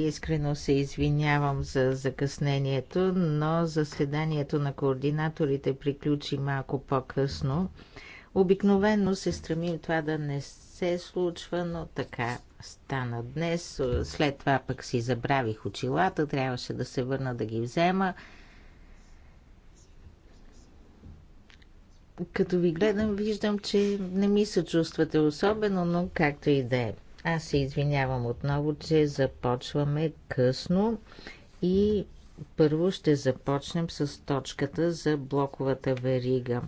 Искрено се извинявам за закъснението, но заседанието на координаторите приключи малко по-късно. Обикновено се стремим това да не се случва, но така стана днес. След това пък си забравих очилата, трябваше да се върна да ги взема. Като ви гледам, виждам, че не ми се чувствате особено, но както и да е. Аз се извинявам отново, че започваме късно и първо ще започнем с точката за блоковата верига.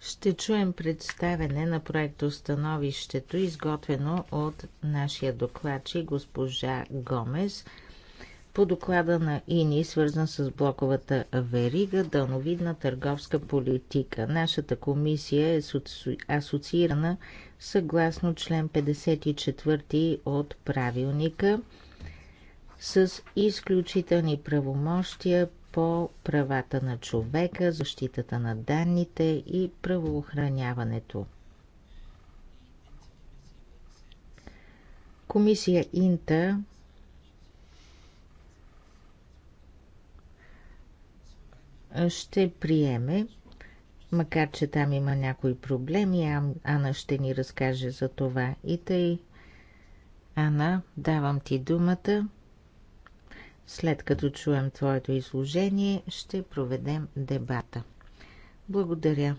Ще чуем представене на становището, изготвено от нашия докладчик госпожа Гомес – по доклада на ИНИ, свързан с блоковата верига, дълновидна търговска политика. Нашата комисия е асоциирана съгласно член 54 от правилника с изключителни правомощия по правата на човека, защитата на данните и правоохраняването. Комисия Инта ще приеме, макар че там има някои проблеми, Ана ще ни разкаже за това. И тъй, Ана, давам ти думата. След като чуем твоето изложение, ще проведем дебата. Благодаря.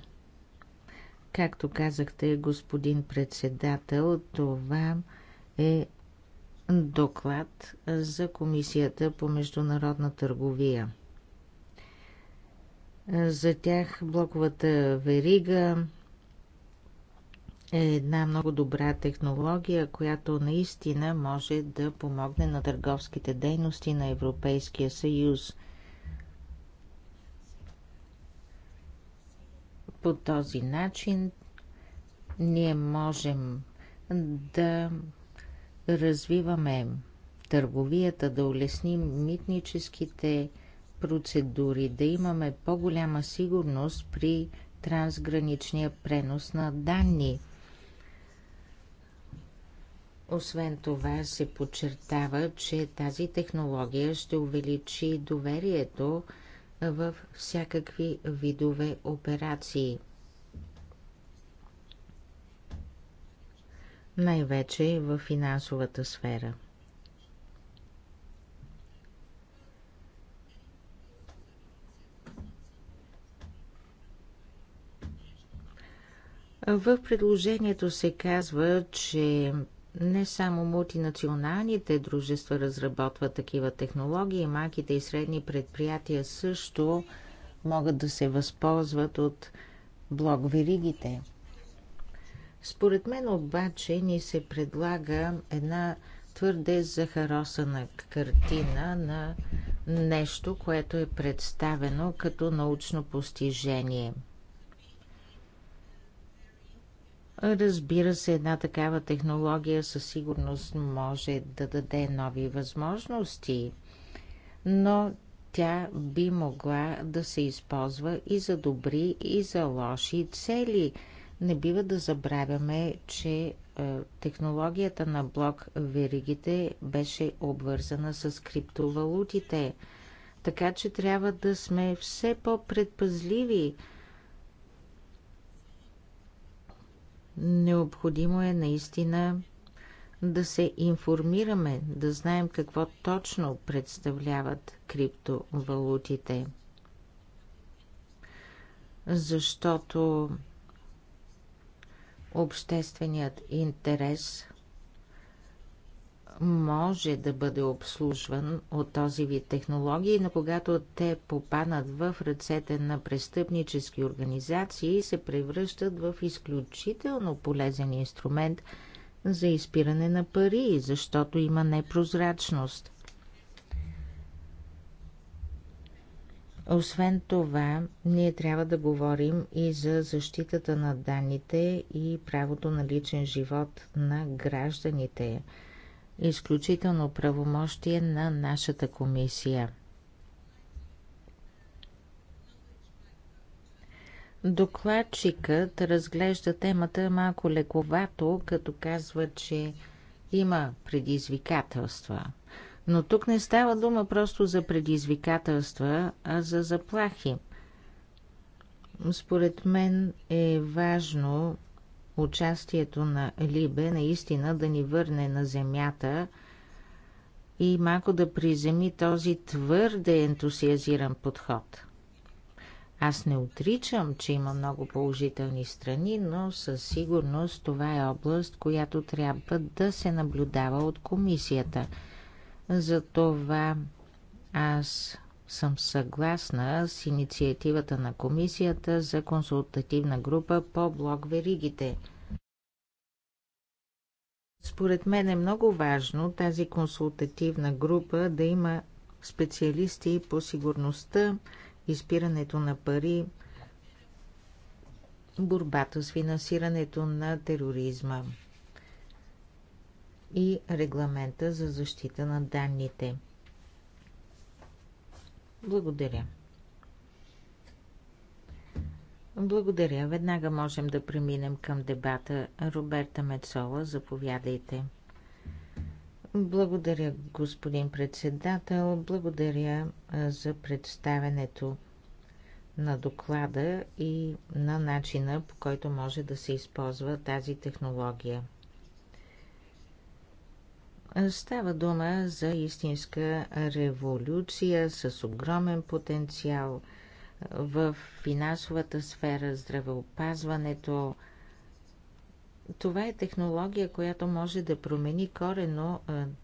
Както казахте, господин председател, това е доклад за Комисията по международна търговия. За тях блоковата верига е една много добра технология, която наистина може да помогне на търговските дейности на Европейския съюз. По този начин ние можем да развиваме търговията, да улесним митническите процедури, да имаме по-голяма сигурност при трансграничния пренос на данни. Освен това се подчертава, че тази технология ще увеличи доверието в всякакви видове операции. Най-вече в финансовата сфера. В предложението се казва, че не само мултинационалните дружества разработват такива технологии, малките и средни предприятия също могат да се възползват от блок веригите. Според мен обаче ни се предлага една твърде захаросана картина на нещо, което е представено като научно постижение – Разбира се, една такава технология със сигурност може да даде нови възможности, но тя би могла да се използва и за добри, и за лоши цели. Не бива да забравяме, че е, технологията на блок веригите беше обвързана с криптовалутите. Така че трябва да сме все по-предпазливи Необходимо е наистина да се информираме, да знаем какво точно представляват криптовалутите. Защото общественият интерес може да бъде обслужван от този вид технологии, но когато те попанат в ръцете на престъпнически организации, се превръщат в изключително полезен инструмент за изпиране на пари, защото има непрозрачност. Освен това, ние трябва да говорим и за защитата на данните и правото на личен живот на гражданите – изключително правомощие на нашата комисия. Докладчикът разглежда темата малко лековато, като казва, че има предизвикателства. Но тук не става дума просто за предизвикателства, а за заплахи. Според мен е важно участието на Либе наистина да ни върне на земята и малко да приземи този твърде ентусиазиран подход. Аз не отричам, че има много положителни страни, но със сигурност това е област, която трябва да се наблюдава от комисията. Затова аз съм съгласна с инициативата на комисията за консултативна група по блок веригите. Според мен е много важно тази консултативна група да има специалисти по сигурността, изпирането на пари, борбата с финансирането на тероризма и регламента за защита на данните – благодаря. Благодаря. Веднага можем да преминем към дебата. Роберта Мецола, заповядайте. Благодаря, господин председател. Благодаря за представенето на доклада и на начина по който може да се използва тази технология. Става дума за истинска революция с огромен потенциал в финансовата сфера, здравеопазването. Това е технология, която може да промени корено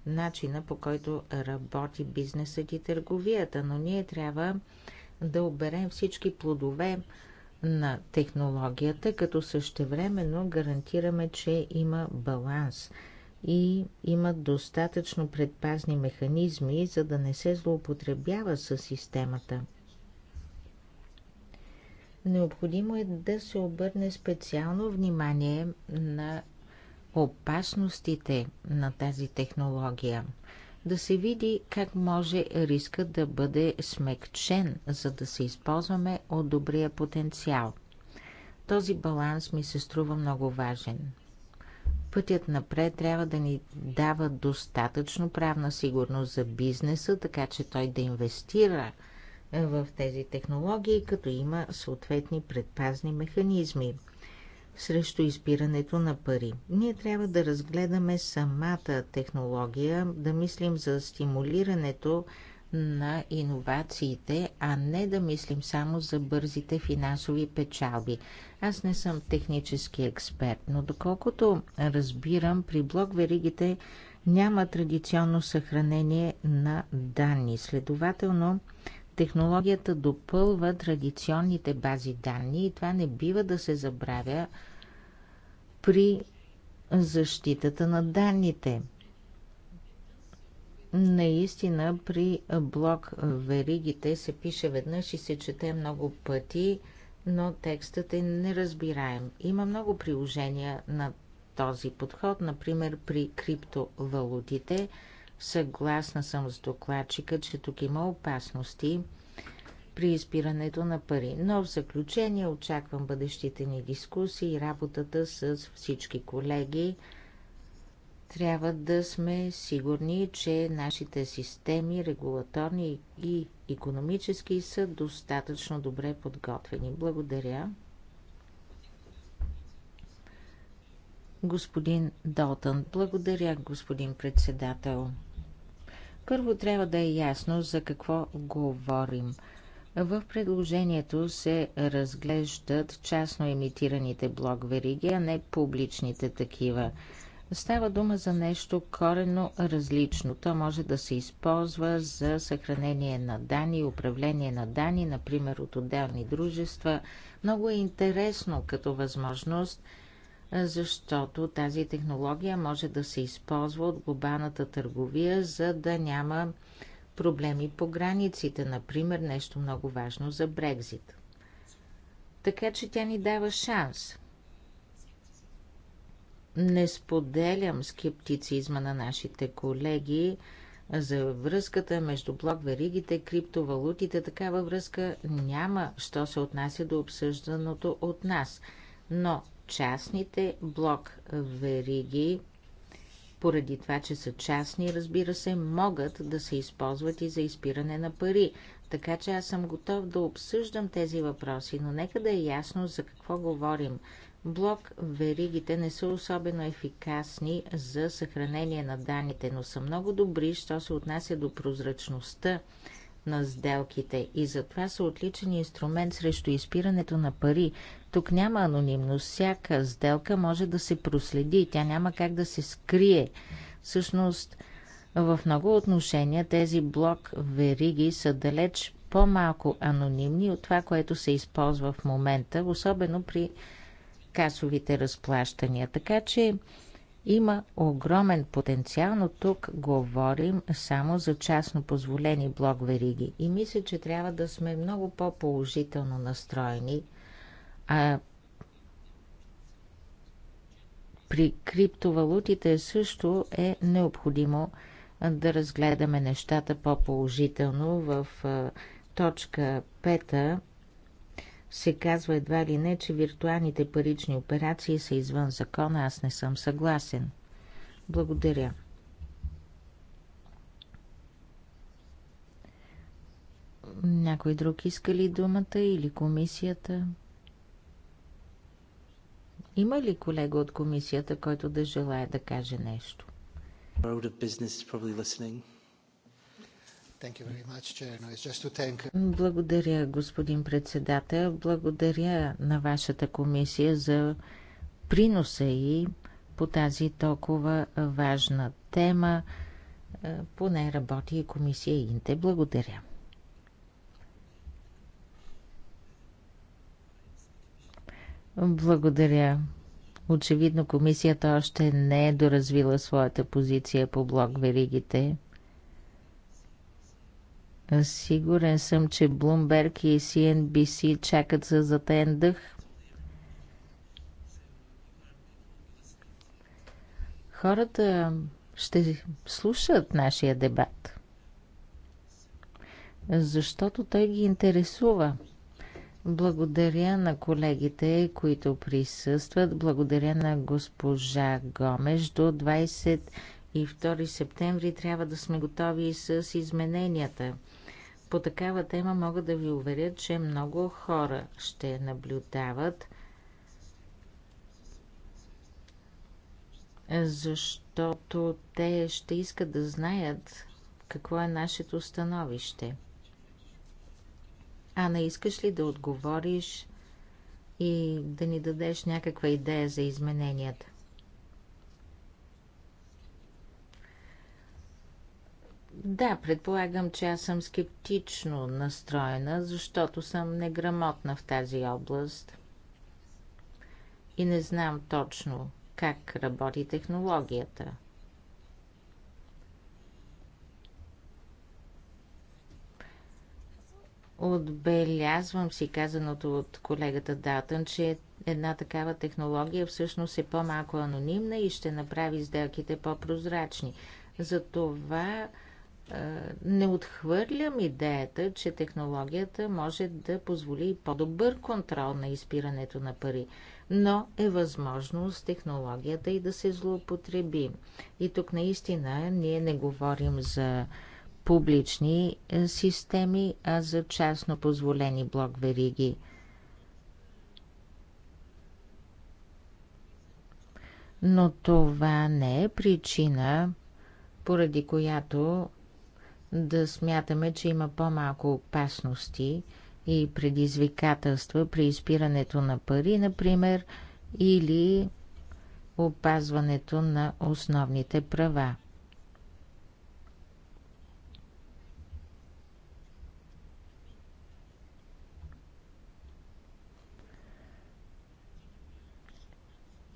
начина по който работи бизнесът и търговията, но ние трябва да оберем всички плодове на технологията, като същевременно гарантираме, че има баланс – и имат достатъчно предпазни механизми, за да не се злоупотребява със системата. Необходимо е да се обърне специално внимание на опасностите на тази технология, да се види как може риска да бъде смекчен, за да се използваме от добрия потенциал. Този баланс ми се струва много важен. Пътят напред трябва да ни дава достатъчно правна сигурност за бизнеса, така че той да инвестира в тези технологии, като има съответни предпазни механизми срещу изпирането на пари. Ние трябва да разгледаме самата технология, да мислим за стимулирането на иновациите, а не да мислим само за бързите финансови печалби. Аз не съм технически експерт, но доколкото разбирам, при блок веригите няма традиционно съхранение на данни. Следователно, технологията допълва традиционните бази данни и това не бива да се забравя при защитата на данните – Наистина при блок веригите се пише веднъж и се чете много пъти, но текстът е неразбираем. Има много приложения на този подход, например при криптовалутите. Съгласна съм с докладчика, че тук има опасности при изпирането на пари. Но в заключение очаквам бъдещите ни дискусии и работата с всички колеги. Трябва да сме сигурни, че нашите системи, регулаторни и економически, са достатъчно добре подготвени. Благодаря. Господин Долтън, благодаря, господин председател. Първо трябва да е ясно за какво говорим. В предложението се разглеждат частно емитираните блок вериги, а не публичните такива. Става дума за нещо корено различно. То може да се използва за съхранение на данни, управление на данни, например от отделни дружества. Много е интересно като възможност, защото тази технология може да се използва от глобалната търговия, за да няма проблеми по границите, например нещо много важно за Брекзит. Така че тя ни дава шанс – не споделям скептицизма на нашите колеги за връзката между блок веригите, криптовалутите. Такава връзка няма, що се отнася до обсъжданото от нас. Но частните блок вериги, поради това, че са частни, разбира се, могат да се използват и за изпиране на пари. Така че аз съм готов да обсъждам тези въпроси, но нека да е ясно за какво говорим. Блок веригите не са особено ефикасни за съхранение на данните, но са много добри, що се отнася до прозрачността на сделките и затова са отличен инструмент срещу изпирането на пари. Тук няма анонимност. Всяка сделка може да се проследи. Тя няма как да се скрие. Всъщност, в много отношения тези блок вериги са далеч по-малко анонимни от това, което се използва в момента, особено при касовите разплащания. Така че има огромен потенциал, но тук говорим само за частно позволени блок вериги. И мисля, че трябва да сме много по-положително настроени. А при криптовалутите също е необходимо да разгледаме нещата по-положително. В точка 5 се казва едва ли не, че виртуалните парични операции са извън закона, аз не съм съгласен. Благодаря. Някой друг иска ли думата или комисията? Има ли колега от комисията, който да желая да каже нещо? Благодаря, господин председател. Благодаря на вашата комисия за приноса и по тази толкова важна тема. Е, поне работи и комисия Инте. Благодаря. Благодаря. Очевидно комисията още не е доразвила своята позиция по блок веригите. Сигурен съм, че Bloomberg и CNBC чакат за затен дъх. Хората ще слушат нашия дебат, защото той ги интересува. Благодаря на колегите, които присъстват. Благодаря на госпожа Гомеш. До 22 септември трябва да сме готови с измененията. По такава тема мога да ви уверя, че много хора ще наблюдават, защото те ще искат да знаят какво е нашето становище. А не искаш ли да отговориш и да ни дадеш някаква идея за измененията? Да, предполагам, че аз съм скептично настроена, защото съм неграмотна в тази област и не знам точно как работи технологията. Отбелязвам си казаното от колегата Датън, че една такава технология всъщност е по-малко анонимна и ще направи сделките по-прозрачни. Затова това не отхвърлям идеята, че технологията може да позволи по-добър контрол на изпирането на пари, но е възможно с технологията и да се злоупотреби. И тук наистина ние не говорим за публични е, системи, а за частно позволени блок вериги. Но това не е причина, поради която да смятаме, че има по-малко опасности и предизвикателства при изпирането на пари, например, или опазването на основните права.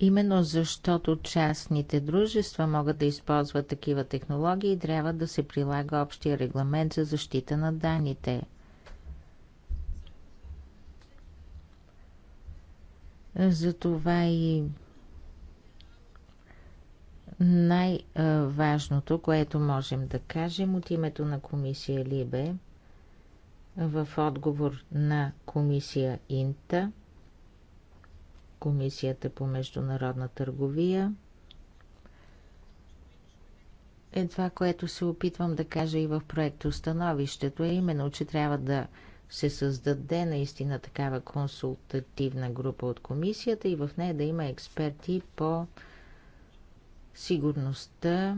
Именно защото частните дружества могат да използват такива технологии, трябва да се прилага общия регламент за защита на данните. Затова и най-важното, което можем да кажем от името на комисия Либе в отговор на комисия Инта – Комисията по международна търговия е това, което се опитвам да кажа и в проекто становището, е именно, че трябва да се създаде наистина такава консултативна група от комисията и в нея да има експерти по сигурността,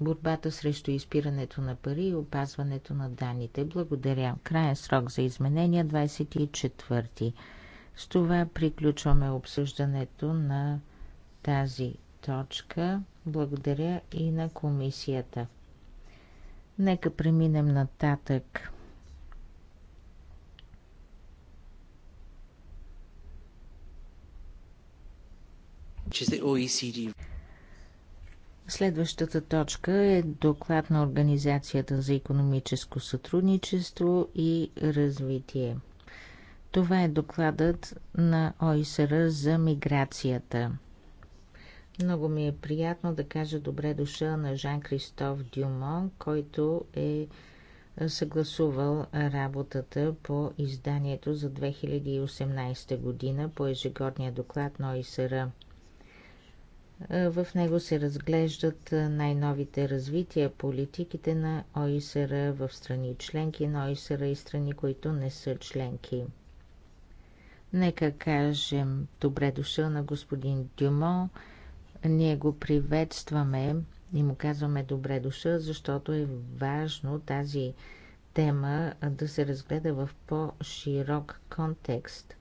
борбата срещу изпирането на пари и опазването на данните. Благодаря. Краен срок за изменения 24 с това приключваме обсъждането на тази точка. Благодаря и на комисията. Нека преминем нататък. E Следващата точка е доклад на Организацията за економическо сътрудничество и развитие. Това е докладът на ОИСР за миграцията. Много ми е приятно да кажа добре душа на Жан-Кристоф Дюмон, който е съгласувал работата по изданието за 2018 година по ежегодния доклад на ОИСР. В него се разглеждат най-новите развития, политиките на ОИСР в страни членки на ОИСР и страни, които не са членки. Нека кажем добре дошъл на господин Дюмо. Ние го приветстваме и му казваме добре дошъл, защото е важно тази тема да се разгледа в по-широк контекст.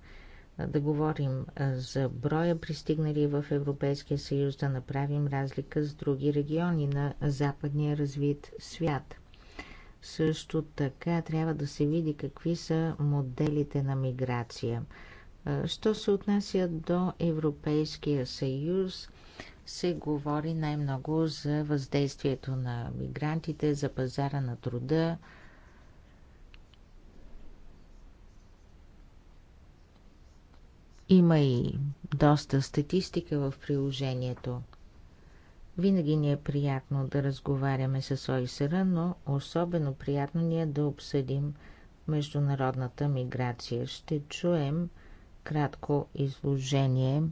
Да говорим за броя пристигнали в Европейския съюз, да направим разлика с други региони на западния развит свят. Също така трябва да се види какви са моделите на миграция – Що се отнася до Европейския съюз, се говори най-много за въздействието на мигрантите, за пазара на труда. Има и доста статистика в приложението. Винаги ни е приятно да разговаряме с ОИСР, но особено приятно ни е да обсъдим международната миграция. Ще чуем кратко изложение.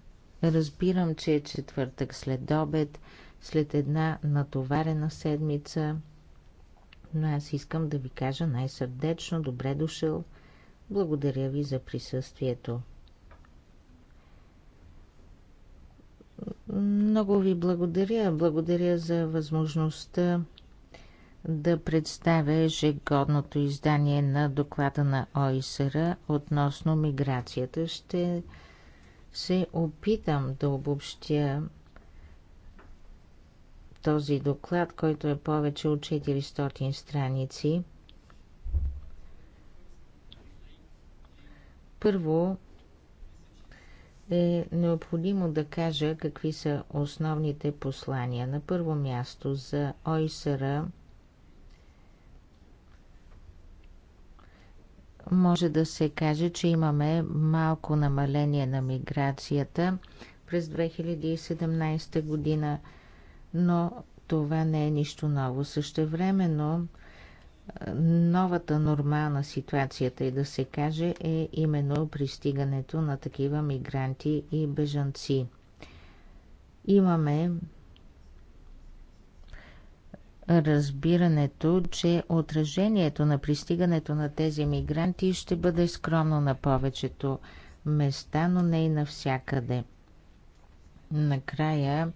Разбирам, че е четвъртък след обед, след една натоварена седмица, но аз искам да ви кажа най-сърдечно добре дошъл. Благодаря ви за присъствието. Много ви благодаря. Благодаря за възможността да представя ежегодното издание на доклада на ОИСР относно миграцията. Ще се опитам да обобщя този доклад, който е повече от 400 страници. Първо е необходимо да кажа какви са основните послания. На първо място за ОИСРА може да се каже, че имаме малко намаление на миграцията през 2017 година, но това не е нищо ново. Същевременно е, новата нормална ситуацията и да се каже е именно пристигането на такива мигранти и бежанци. Имаме разбирането, че отражението на пристигането на тези мигранти ще бъде скромно на повечето места, но не и навсякъде. Накрая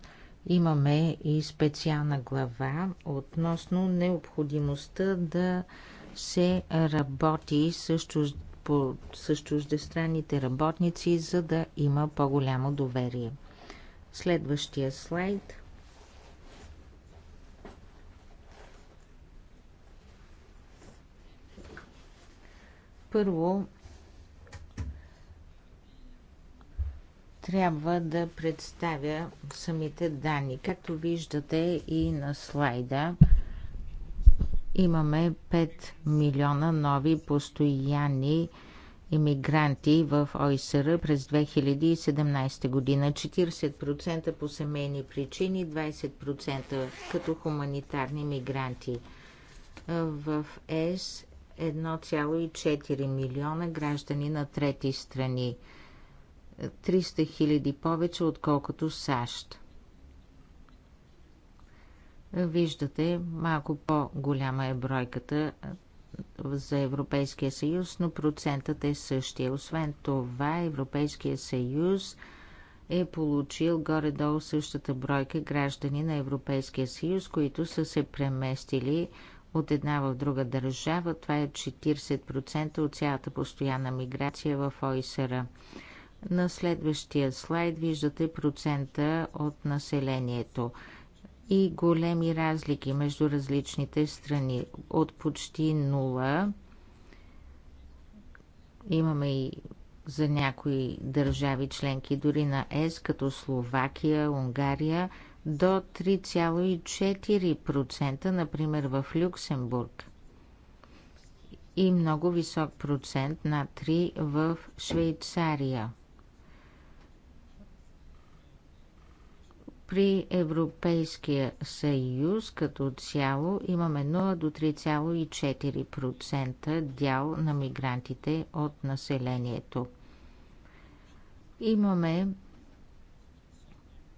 имаме и специална глава относно необходимостта да се работи с, по... чуждестранните работници, за да има по-голямо доверие. Следващия слайд – Първо, трябва да представя самите данни. Както виждате и на слайда, имаме 5 милиона нови постоянни иммигранти в ОИСР през 2017 година. 40% по семейни причини, 20% като хуманитарни мигранти. В ЕС 1,4 милиона граждани на трети страни. 300 хиляди повече, отколкото САЩ. Виждате, малко по-голяма е бройката за Европейския съюз, но процентът е същия. Освен това, Европейския съюз е получил горе-долу същата бройка граждани на Европейския съюз, които са се преместили от една в друга държава. Това е 40% от цялата постоянна миграция в ОИСР. На следващия слайд виждате процента от населението и големи разлики между различните страни. От почти 0, имаме и за някои държави членки, дори на ЕС, като Словакия, Унгария – до 3,4%, например в Люксембург и много висок процент на 3 в Швейцария. При Европейския съюз като цяло имаме 0 до 3,4% дял на мигрантите от населението. Имаме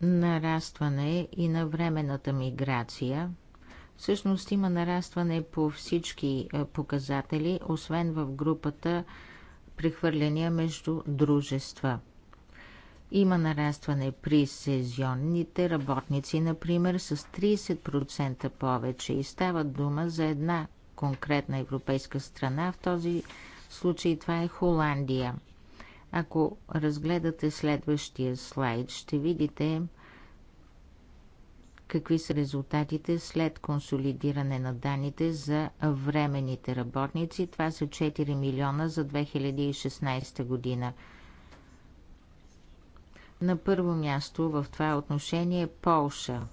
нарастване и на временната миграция. Всъщност има нарастване по всички е, показатели, освен в групата прехвърляния между дружества. Има нарастване при сезионните работници, например, с 30% повече и става дума за една конкретна европейска страна. В този случай това е Холандия. Ако разгледате следващия слайд, ще видите какви са резултатите след консолидиране на данните за временните работници. Това са 4 милиона за 2016 година. На първо място в това отношение е Полша.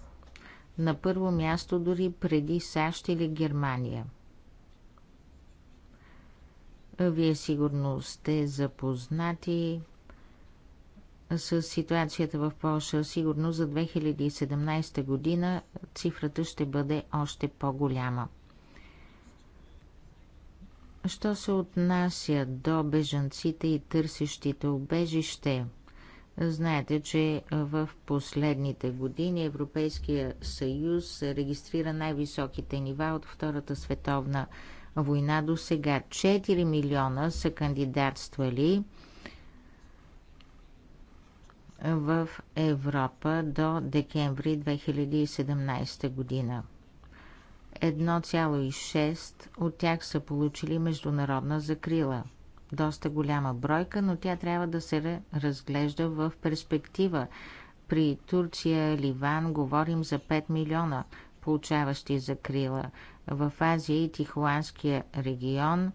На първо място дори преди САЩ или Германия – вие сигурно сте запознати с ситуацията в Польша. Сигурно за 2017 година цифрата ще бъде още по-голяма. Що се отнася до бежанците и търсещите обежище? Знаете, че в последните години Европейския съюз регистрира най-високите нива от Втората световна война война до сега. 4 милиона са кандидатствали в Европа до декември 2017 година. 1,6 от тях са получили международна закрила. Доста голяма бройка, но тя трябва да се разглежда в перспектива. При Турция, Ливан говорим за 5 милиона получаващи закрила в Азия и Тихоанския регион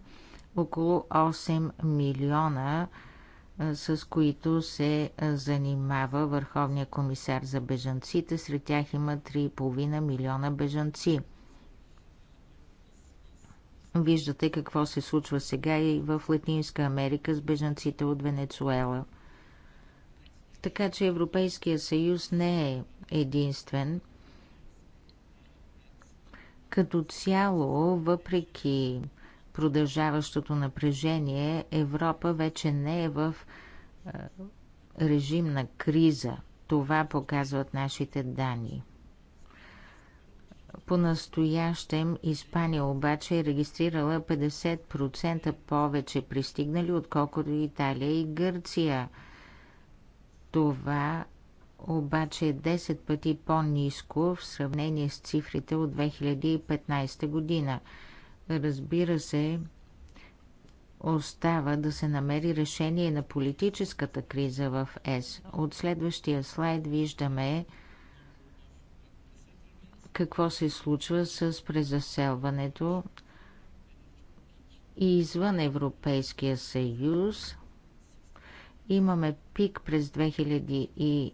около 8 милиона, с които се занимава Върховния комисар за бежанците. Сред тях има 3,5 милиона бежанци. Виждате какво се случва сега и в Латинска Америка с бежанците от Венецуела. Така че Европейския съюз не е единствен – като цяло, въпреки продължаващото напрежение, Европа вече не е в режим на криза. Това показват нашите данни. По-настоящем Испания обаче е регистрирала 50% повече пристигнали, отколкото Италия и Гърция. Това обаче е 10 пъти по-ниско в сравнение с цифрите от 2015 година. Разбира се, остава да се намери решение на политическата криза в ЕС. От следващия слайд виждаме какво се случва с презаселването и извън Европейския съюз. Имаме пик през 2015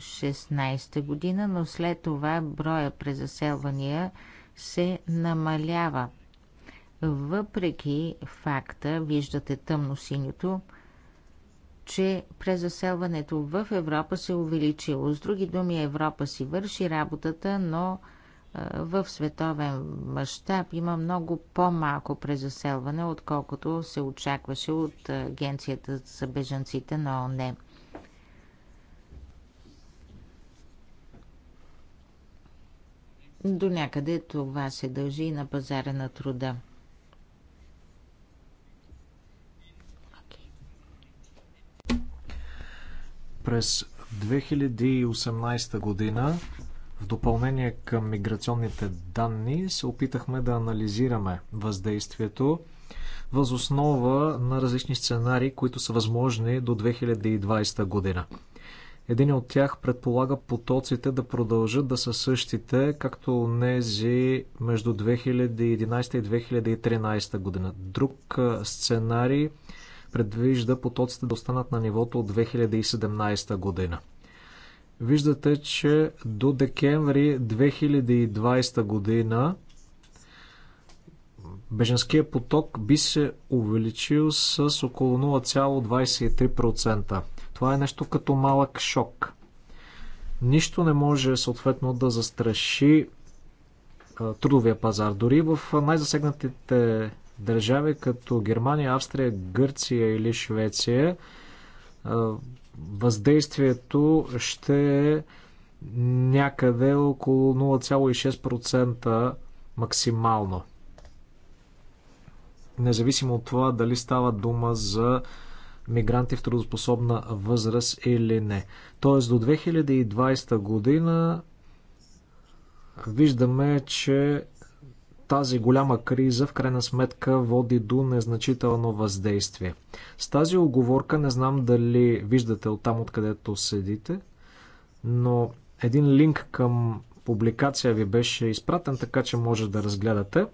2016 година, но след това броя презаселвания се намалява. Въпреки факта, виждате тъмно-синьото, че презаселването в Европа се е увеличило. С други думи, Европа си върши работата, но в световен мащаб има много по-малко презаселване, отколкото се очакваше от Агенцията за бежанците на ОНЕ. До някъде това се дължи и на пазара на труда. През 2018 година, в допълнение към миграционните данни, се опитахме да анализираме въздействието възоснова на различни сценарии, които са възможни до 2020 година. Един от тях предполага потоците да продължат да са същите, както нези между 2011 и 2013 година. Друг сценарий предвижда потоците да останат на нивото от 2017 година. Виждате, че до декември 2020 година беженският поток би се увеличил с около 0,23%. Това е нещо като малък шок. Нищо не може съответно да застраши трудовия пазар. Дори в най-засегнатите държави, като Германия, Австрия, Гърция или Швеция, въздействието ще е някъде около 0,6% максимално. Независимо от това дали става дума за мигранти в трудоспособна възраст или не. Тоест до 2020 година виждаме, че тази голяма криза в крайна сметка води до незначително въздействие. С тази оговорка не знам дали виждате от там, откъдето седите, но един линк към публикация ви беше изпратен, така че може да разгледате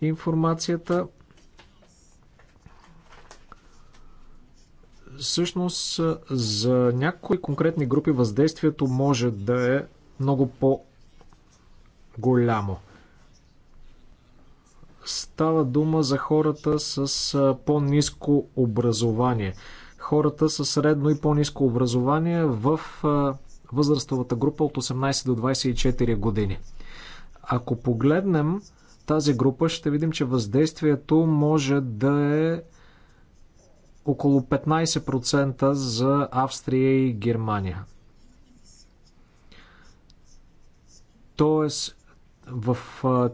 информацията. всъщност за някои конкретни групи въздействието може да е много по-голямо. Става дума за хората с по-низко образование. Хората с средно и по-низко образование в възрастовата група от 18 до 24 години. Ако погледнем тази група, ще видим, че въздействието може да е около 15% за Австрия и Германия. Тоест, в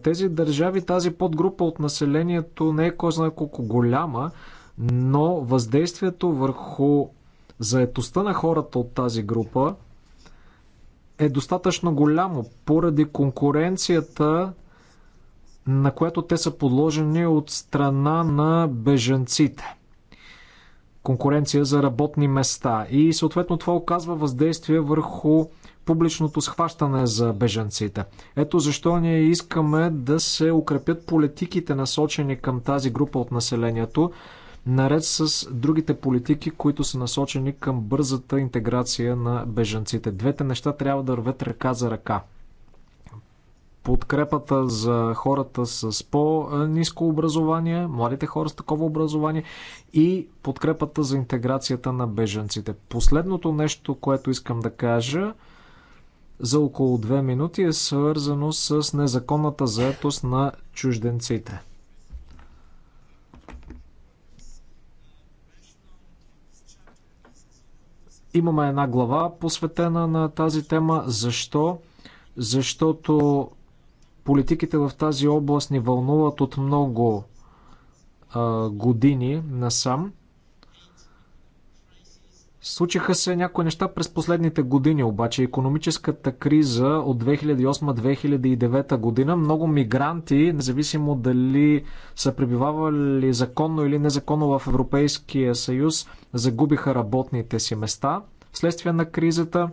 тези държави тази подгрупа от населението не е кой знае колко голяма, но въздействието върху заетостта на хората от тази група е достатъчно голямо поради конкуренцията, на която те са подложени от страна на бежанците конкуренция за работни места. И съответно това оказва въздействие върху публичното схващане за бежанците. Ето защо ние искаме да се укрепят политиките насочени към тази група от населението, наред с другите политики, които са насочени към бързата интеграция на бежанците. Двете неща трябва да рвят ръка за ръка подкрепата за хората с по-низко образование, младите хора с такова образование и подкрепата за интеграцията на бежанците. Последното нещо, което искам да кажа за около две минути е свързано с незаконната заетост на чужденците. Имаме една глава посветена на тази тема. Защо? Защото Политиките в тази област ни вълнуват от много а, години насам. Случиха се някои неща през последните години, обаче економическата криза от 2008-2009 година, много мигранти, независимо дали са пребивавали законно или незаконно в Европейския съюз, загубиха работните си места. Вследствие на кризата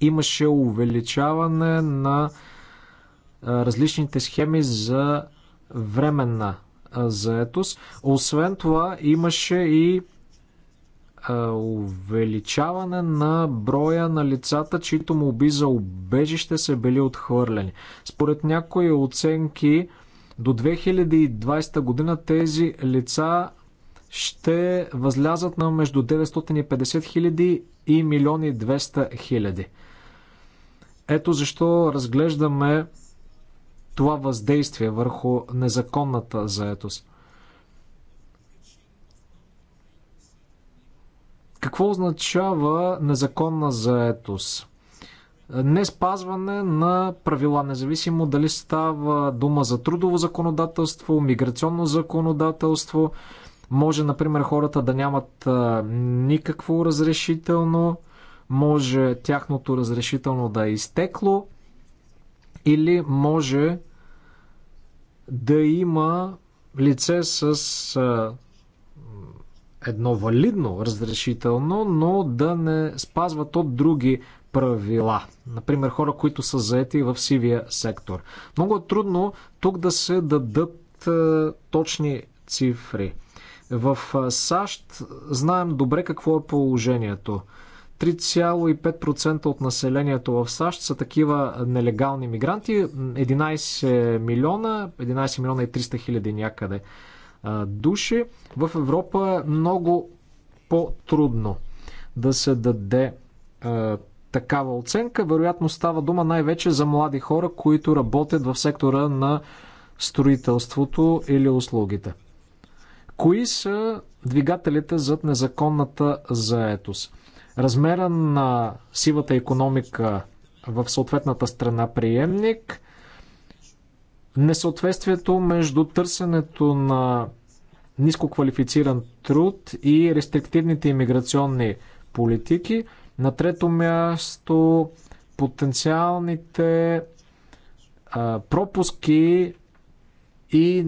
имаше увеличаване на различните схеми за временна заетост. Освен това, имаше и увеличаване на броя на лицата, чието моби за убежище са били отхвърлени. Според някои оценки, до 2020 година тези лица ще възлязат на между 950 хиляди и 1 200 хиляди. Ето защо разглеждаме това въздействие върху незаконната заетост. Какво означава незаконна заетост? Не спазване на правила, независимо дали става дума за трудово законодателство, миграционно законодателство. Може, например, хората да нямат никакво разрешително, може тяхното разрешително да е изтекло – или може да има лице с едно валидно разрешително, но да не спазват от други правила. Например, хора, които са заети в сивия сектор. Много е трудно тук да се дадат точни цифри. В САЩ знаем добре какво е положението. 3,5% от населението в САЩ са такива нелегални мигранти. 11 милиона, 11 милиона и 300 хиляди някъде души. В Европа е много по-трудно да се даде такава оценка. Вероятно става дума най-вече за млади хора, които работят в сектора на строителството или услугите. Кои са двигателите зад незаконната заетост? размера на сивата економика в съответната страна приемник, несъответствието между търсенето на ниско квалифициран труд и рестриктивните иммиграционни политики. На трето място потенциалните пропуски и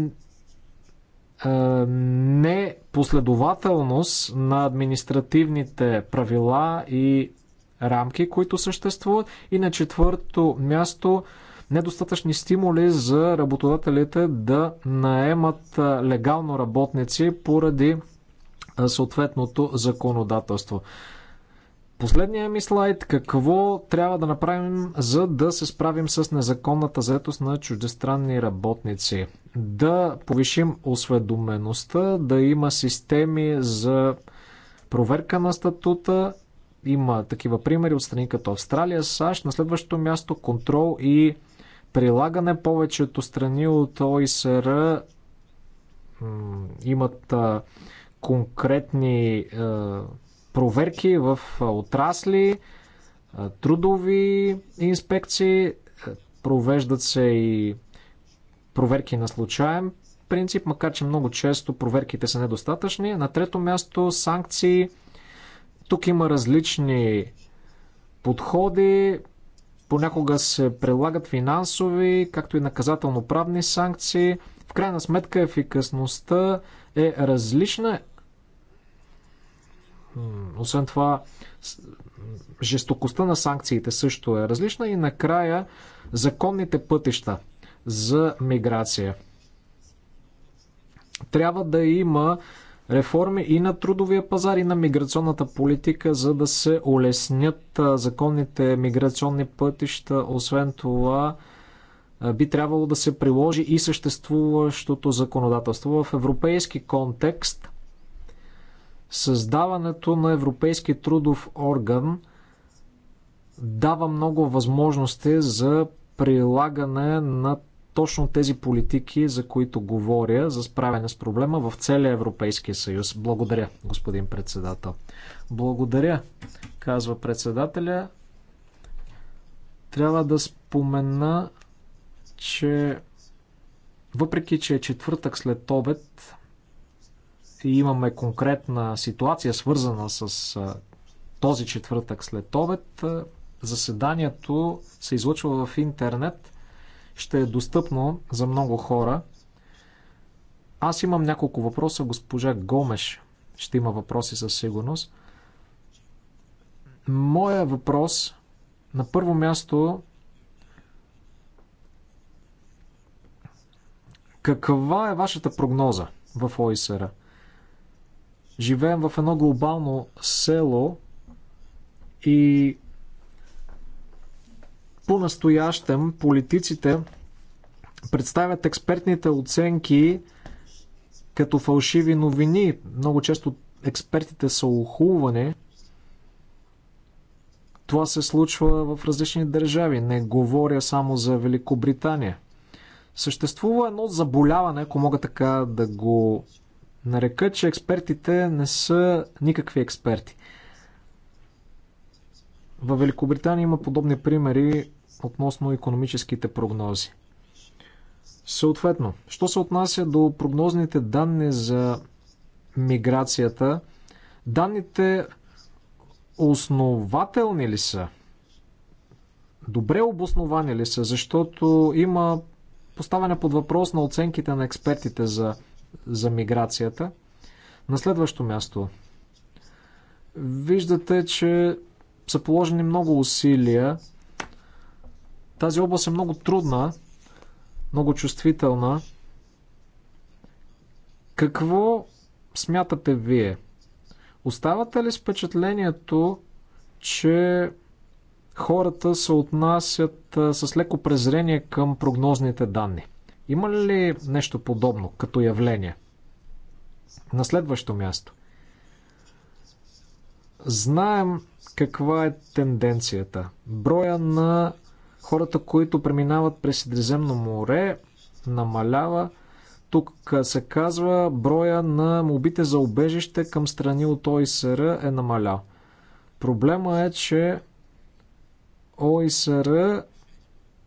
е, непоследователност на административните правила и рамки, които съществуват. И на четвърто място недостатъчни стимули за работодателите да наемат е, легално работници поради е, съответното законодателство. Последният ми слайд. Какво трябва да направим, за да се справим с незаконната заетост на чуждестранни работници? Да повишим осведомеността, да има системи за проверка на статута. Има такива примери от страни като Австралия, САЩ. На следващото място контрол и прилагане. Повечето страни от ОИСР имат конкретни проверки в отрасли, трудови инспекции, провеждат се и проверки на случайен принцип, макар че много често проверките са недостатъчни. На трето място санкции. Тук има различни подходи. Понякога се прилагат финансови, както и наказателно-правни санкции. В крайна сметка ефикасността е различна освен това, жестокостта на санкциите също е различна и накрая законните пътища за миграция. Трябва да има реформи и на трудовия пазар, и на миграционната политика, за да се улеснят законните миграционни пътища. Освен това, би трябвало да се приложи и съществуващото законодателство в европейски контекст – Създаването на Европейски трудов орган дава много възможности за прилагане на точно тези политики, за които говоря, за справяне с проблема в целия Европейския съюз. Благодаря, господин председател. Благодаря, казва председателя. Трябва да спомена, че въпреки, че е четвъртък след обед, и имаме конкретна ситуация, свързана с този четвъртък след обед, заседанието се излъчва в интернет. Ще е достъпно за много хора. Аз имам няколко въпроса. Госпожа Гомеш ще има въпроси със сигурност. Моя въпрос на първо място каква е вашата прогноза в ОИСР? Живеем в едно глобално село и по-настоящем политиците представят експертните оценки като фалшиви новини. Много често експертите са охулвани. Това се случва в различни държави. Не говоря само за Великобритания. Съществува едно заболяване, ако мога така да го нарека, че експертите не са никакви експерти. Във Великобритания има подобни примери относно економическите прогнози. Съответно, що се отнася до прогнозните данни за миграцията, данните основателни ли са? Добре обосновани ли са? Защото има поставяне под въпрос на оценките на експертите за за миграцията. На следващо място. Виждате, че са положени много усилия. Тази област е много трудна, много чувствителна. Какво смятате вие? Оставате ли впечатлението, че хората се отнасят с леко презрение към прогнозните данни? Има ли нещо подобно като явление? На следващо място. Знаем каква е тенденцията. Броя на хората, които преминават през Средиземно море, намалява. Тук се казва броя на мобите за обежище към страни от ОИСР е намалял. Проблема е, че ОИСР,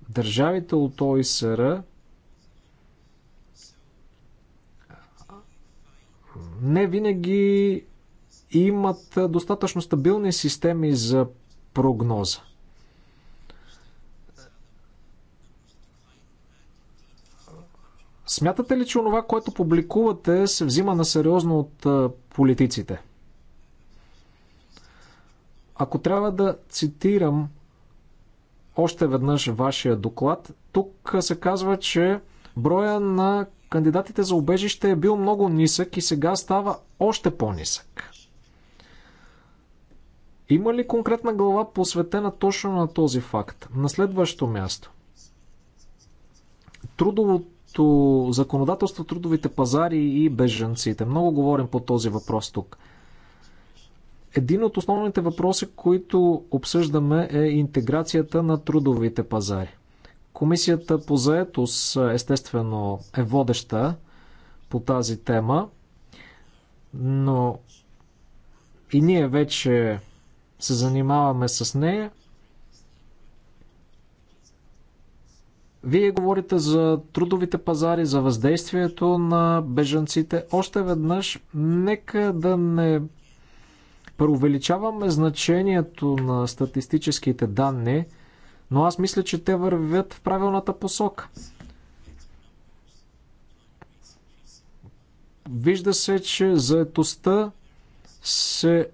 държавите от ОИСР не винаги имат достатъчно стабилни системи за прогноза. Смятате ли, че онова, което публикувате, се взима на сериозно от политиците? Ако трябва да цитирам още веднъж вашия доклад, тук се казва, че броя на кандидатите за убежище е бил много нисък и сега става още по-нисък. Има ли конкретна глава посветена точно на този факт? На следващо място. Трудовото законодателство, трудовите пазари и беженците. Много говорим по този въпрос тук. Един от основните въпроси, които обсъждаме е интеграцията на трудовите пазари. Комисията по заетост естествено е водеща по тази тема, но и ние вече се занимаваме с нея. Вие говорите за трудовите пазари, за въздействието на бежанците. Още веднъж, нека да не преувеличаваме значението на статистическите данни – но аз мисля, че те вървят в правилната посока. Вижда се, че заетостта се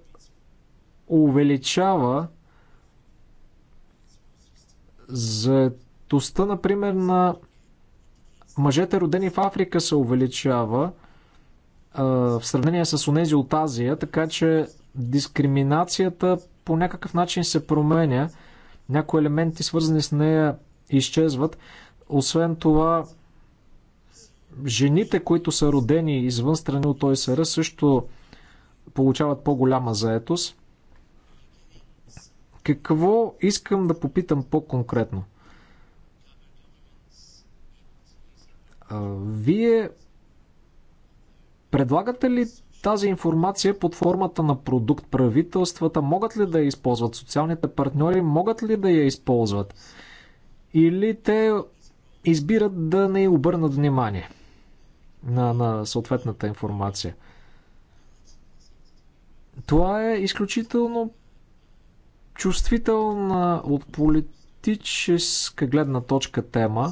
увеличава. Заетостта, например, на мъжете родени в Африка се увеличава в сравнение с онези от Азия, така че дискриминацията по някакъв начин се променя. Някои елементи, свързани с нея, изчезват. Освен това, жените, които са родени извън страни от ОСР, също получават по-голяма заетост. Какво искам да попитам по-конкретно? Вие предлагате ли тази информация е под формата на продукт правителствата могат ли да я използват? Социалните партньори могат ли да я използват? Или те избират да не обърнат внимание на, на съответната информация? Това е изключително чувствителна от политическа гледна точка тема.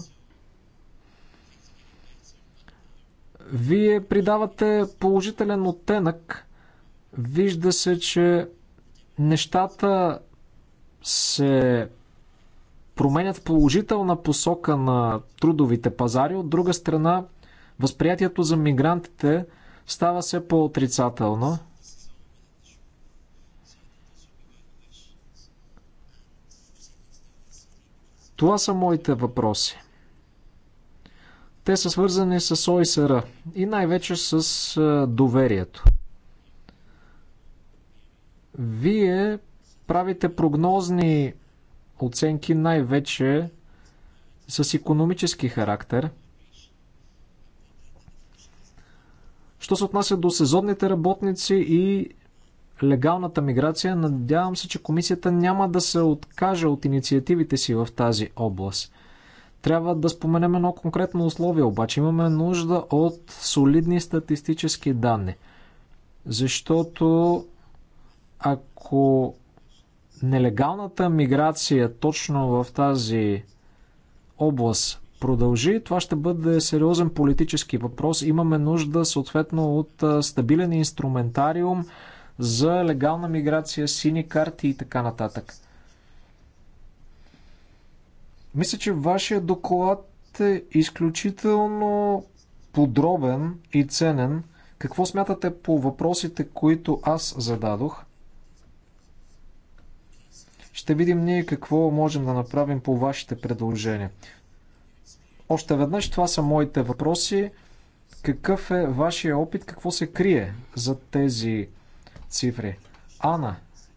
Вие придавате положителен оттенък. Вижда се, че нещата се променят в положителна посока на трудовите пазари. От друга страна, възприятието за мигрантите става все по-отрицателно. Това са моите въпроси. Те са свързани с ОСР и най-вече с доверието. Вие правите прогнозни оценки най-вече с економически характер. Що се отнася до сезонните работници и легалната миграция, надявам се, че комисията няма да се откаже от инициативите си в тази област. Трябва да споменем едно конкретно условие, обаче имаме нужда от солидни статистически данни. Защото ако нелегалната миграция точно в тази област продължи, това ще бъде сериозен политически въпрос. Имаме нужда съответно от стабилен инструментариум за легална миграция, сини карти и така нататък. Мисля, че вашия доклад е изключително подробен и ценен. Какво смятате по въпросите, които аз зададох? Ще видим ние какво можем да направим по вашите предложения. Още веднъж това са моите въпроси. Какъв е вашия опит? Какво се крие за тези цифри? Ана,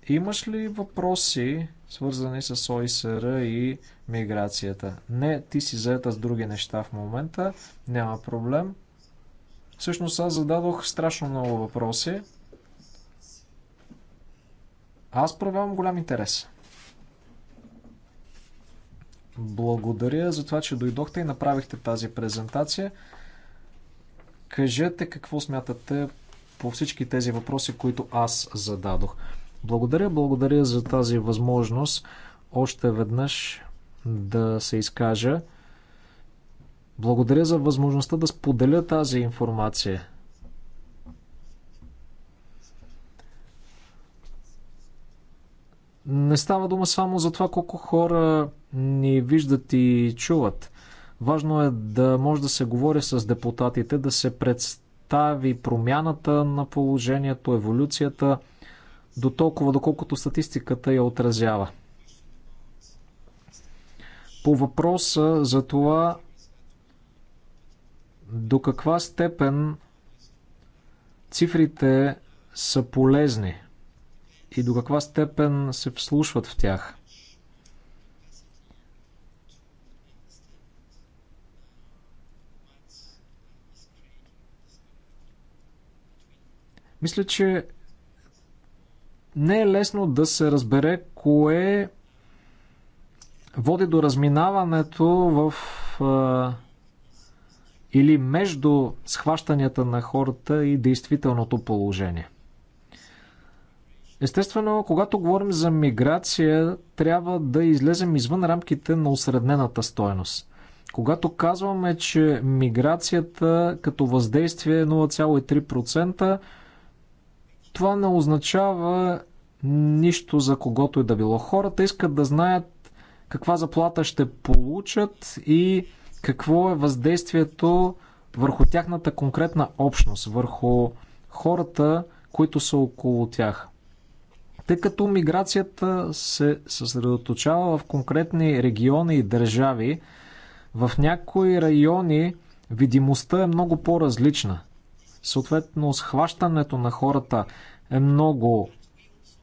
имаш ли въпроси свързани с ОИСР и миграцията. Не, ти си заета с други неща в момента, няма проблем. Всъщност аз зададох страшно много въпроси. Аз проявявам голям интерес. Благодаря за това, че дойдохте и направихте тази презентация. Кажете какво смятате по всички тези въпроси, които аз зададох. Благодаря, благодаря за тази възможност още веднъж да се изкажа. Благодаря за възможността да споделя тази информация. Не става дума само за това колко хора ни виждат и чуват. Важно е да може да се говори с депутатите, да се представи промяната на положението, еволюцията – до толкова, доколкото статистиката я отразява. По въпроса за това до каква степен цифрите са полезни и до каква степен се вслушват в тях. Мисля, че не е лесно да се разбере кое води до разминаването в или между схващанията на хората и действителното положение. Естествено, когато говорим за миграция, трябва да излезем извън рамките на усреднената стойност. Когато казваме, че миграцията като въздействие е 0,3%, това не означава нищо за когото и да било. Хората искат да знаят каква заплата ще получат и какво е въздействието върху тяхната конкретна общност, върху хората, които са около тях. Тъй като миграцията се съсредоточава в конкретни региони и държави, в някои райони видимостта е много по-различна – Съответно, схващането на хората е много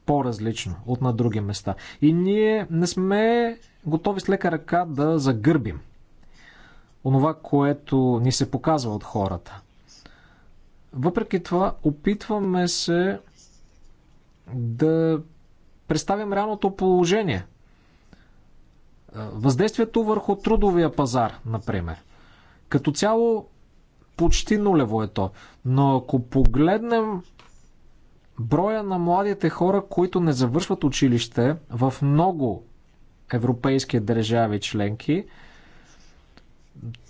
по-различно от на други места. И ние не сме готови с лека ръка да загърбим онова, което ни се показва от хората. Въпреки това, опитваме се да представим реалното положение. Въздействието върху трудовия пазар, например. Като цяло почти нулево е то. Но ако погледнем броя на младите хора, които не завършват училище в много европейски държави членки,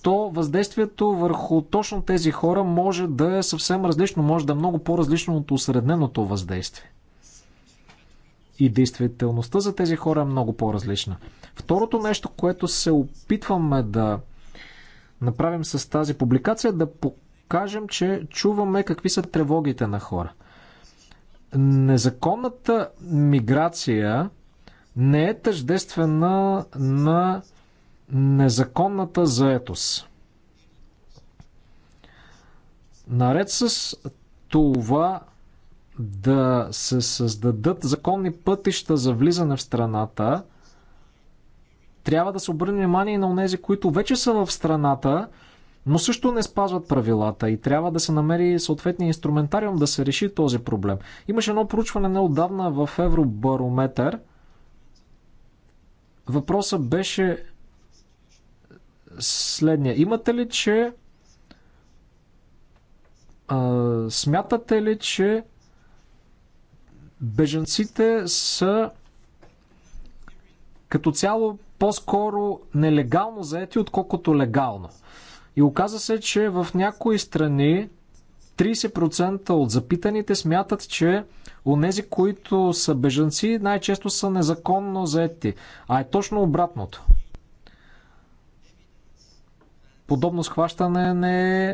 то въздействието върху точно тези хора може да е съвсем различно, може да е много по-различно от усредненото въздействие. И действителността за тези хора е много по-различна. Второто нещо, което се опитваме да направим с тази публикация, да покажем, че чуваме какви са тревогите на хора. Незаконната миграция не е тъждествена на незаконната заетост. Наред с това да се създадат законни пътища за влизане в страната, трябва да се обърне внимание и на онези, които вече са в страната, но също не спазват правилата и трябва да се намери съответния инструментариум да се реши този проблем. Имаше едно проучване неодавна в Евробарометър. Въпросът беше следния. Имате ли, че а, смятате ли, че бежанците са като цяло по-скоро нелегално заети, отколкото легално. И оказа се, че в някои страни 30% от запитаните смятат, че онези, които са бежанци, най-често са незаконно заети. А е точно обратното. Подобно схващане не е,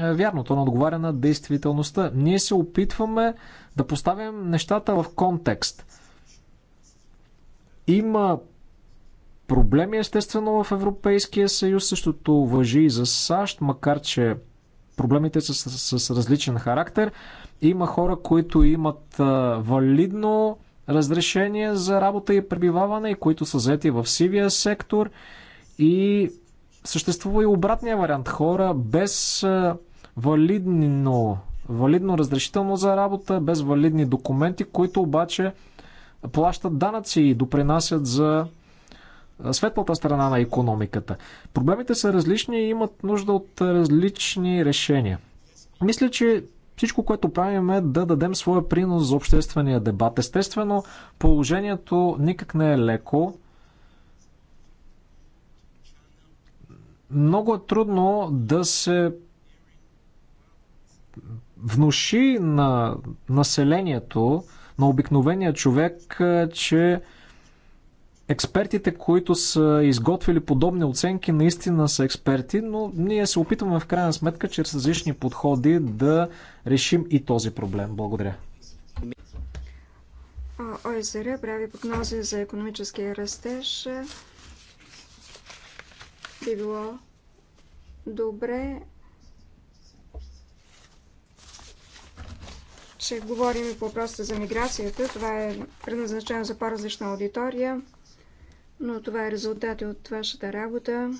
е вярно, то не отговаря на действителността. Ние се опитваме да поставим нещата в контекст. Има проблеми е, естествено в Европейския съюз. Същото въжи и за САЩ, макар че проблемите са с, с различен характер. Има хора, които имат а, валидно разрешение за работа и пребиваване и които са заети в сивия сектор. И съществува и обратния вариант. Хора без а, валидно, валидно разрешително за работа, без валидни документи, които обаче плащат данъци и допринасят за светлата страна на економиката. Проблемите са различни и имат нужда от различни решения. Мисля, че всичко, което правим е да дадем своя принос за обществения дебат. Естествено, положението никак не е леко. Много е трудно да се внуши на населението, на обикновения човек, че експертите, които са изготвили подобни оценки, наистина са експерти, но ние се опитваме в крайна сметка чрез различни подходи да решим и този проблем. Благодаря. ОСР прави прогнози за економическия растеж. Би било добре, че говорим по въпросите за миграцията. Това е предназначено за по-различна аудитория но това е резултат от вашата работа.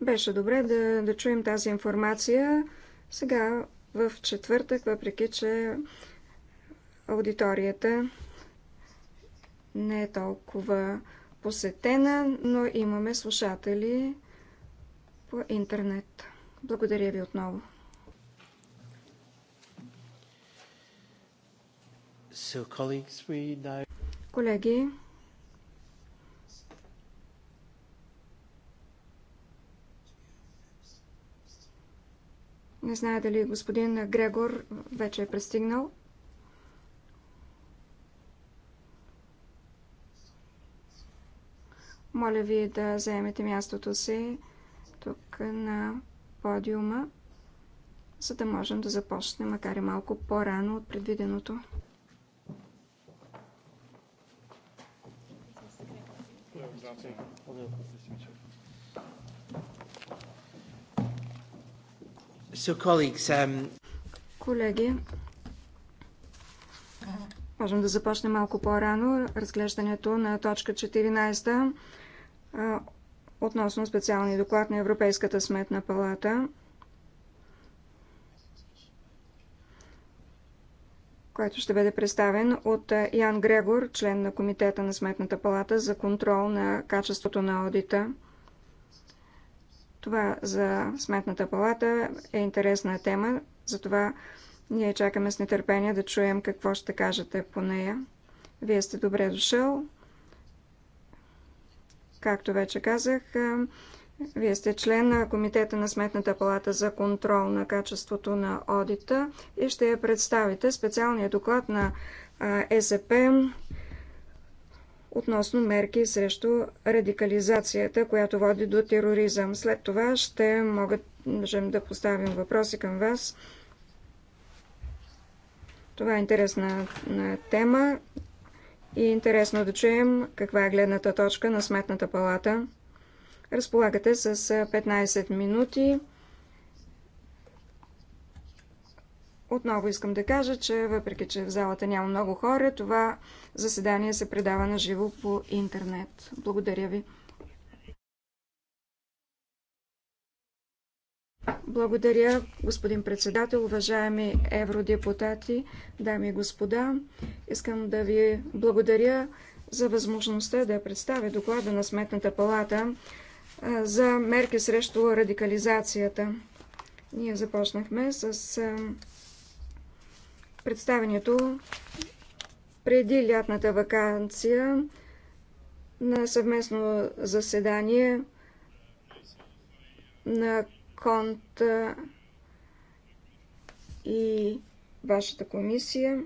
Беше добре да, да чуем тази информация сега в четвъртък, въпреки че аудиторията не е толкова посетена, но имаме слушатели по интернет. Благодаря ви отново. Колеги, не знае дали господин Грегор вече е пристигнал. Моля ви да заемете мястото си тук на подиума, за да можем да започнем, макар и малко по-рано от предвиденото. So, colleagues, um... Колеги, можем да започнем малко по-рано разглеждането на точка 14 относно специалния доклад на Европейската сметна палата. който ще бъде представен от Ян Грегор, член на Комитета на Сметната палата за контрол на качеството на аудита. Това за Сметната палата е интересна тема, затова ние чакаме с нетърпение да чуем какво ще кажете по нея. Вие сте добре дошъл. Както вече казах, вие сте член на Комитета на Сметната палата за контрол на качеството на одита и ще я представите специалния доклад на ЕСП относно мерки срещу радикализацията, която води до тероризъм. След това ще можем да поставим въпроси към вас. Това е интересна тема и интересно да чуем каква е гледната точка на Сметната палата. Разполагате с 15 минути. Отново искам да кажа, че въпреки, че в залата няма много хора, това заседание се предава на живо по интернет. Благодаря ви. Благодаря, господин председател, уважаеми евродепутати, дами и господа. Искам да ви благодаря за възможността да представя доклада на Сметната палата за мерки срещу радикализацията. Ние започнахме с представенето преди лятната вакансия на съвместно заседание на Конт и вашата комисия.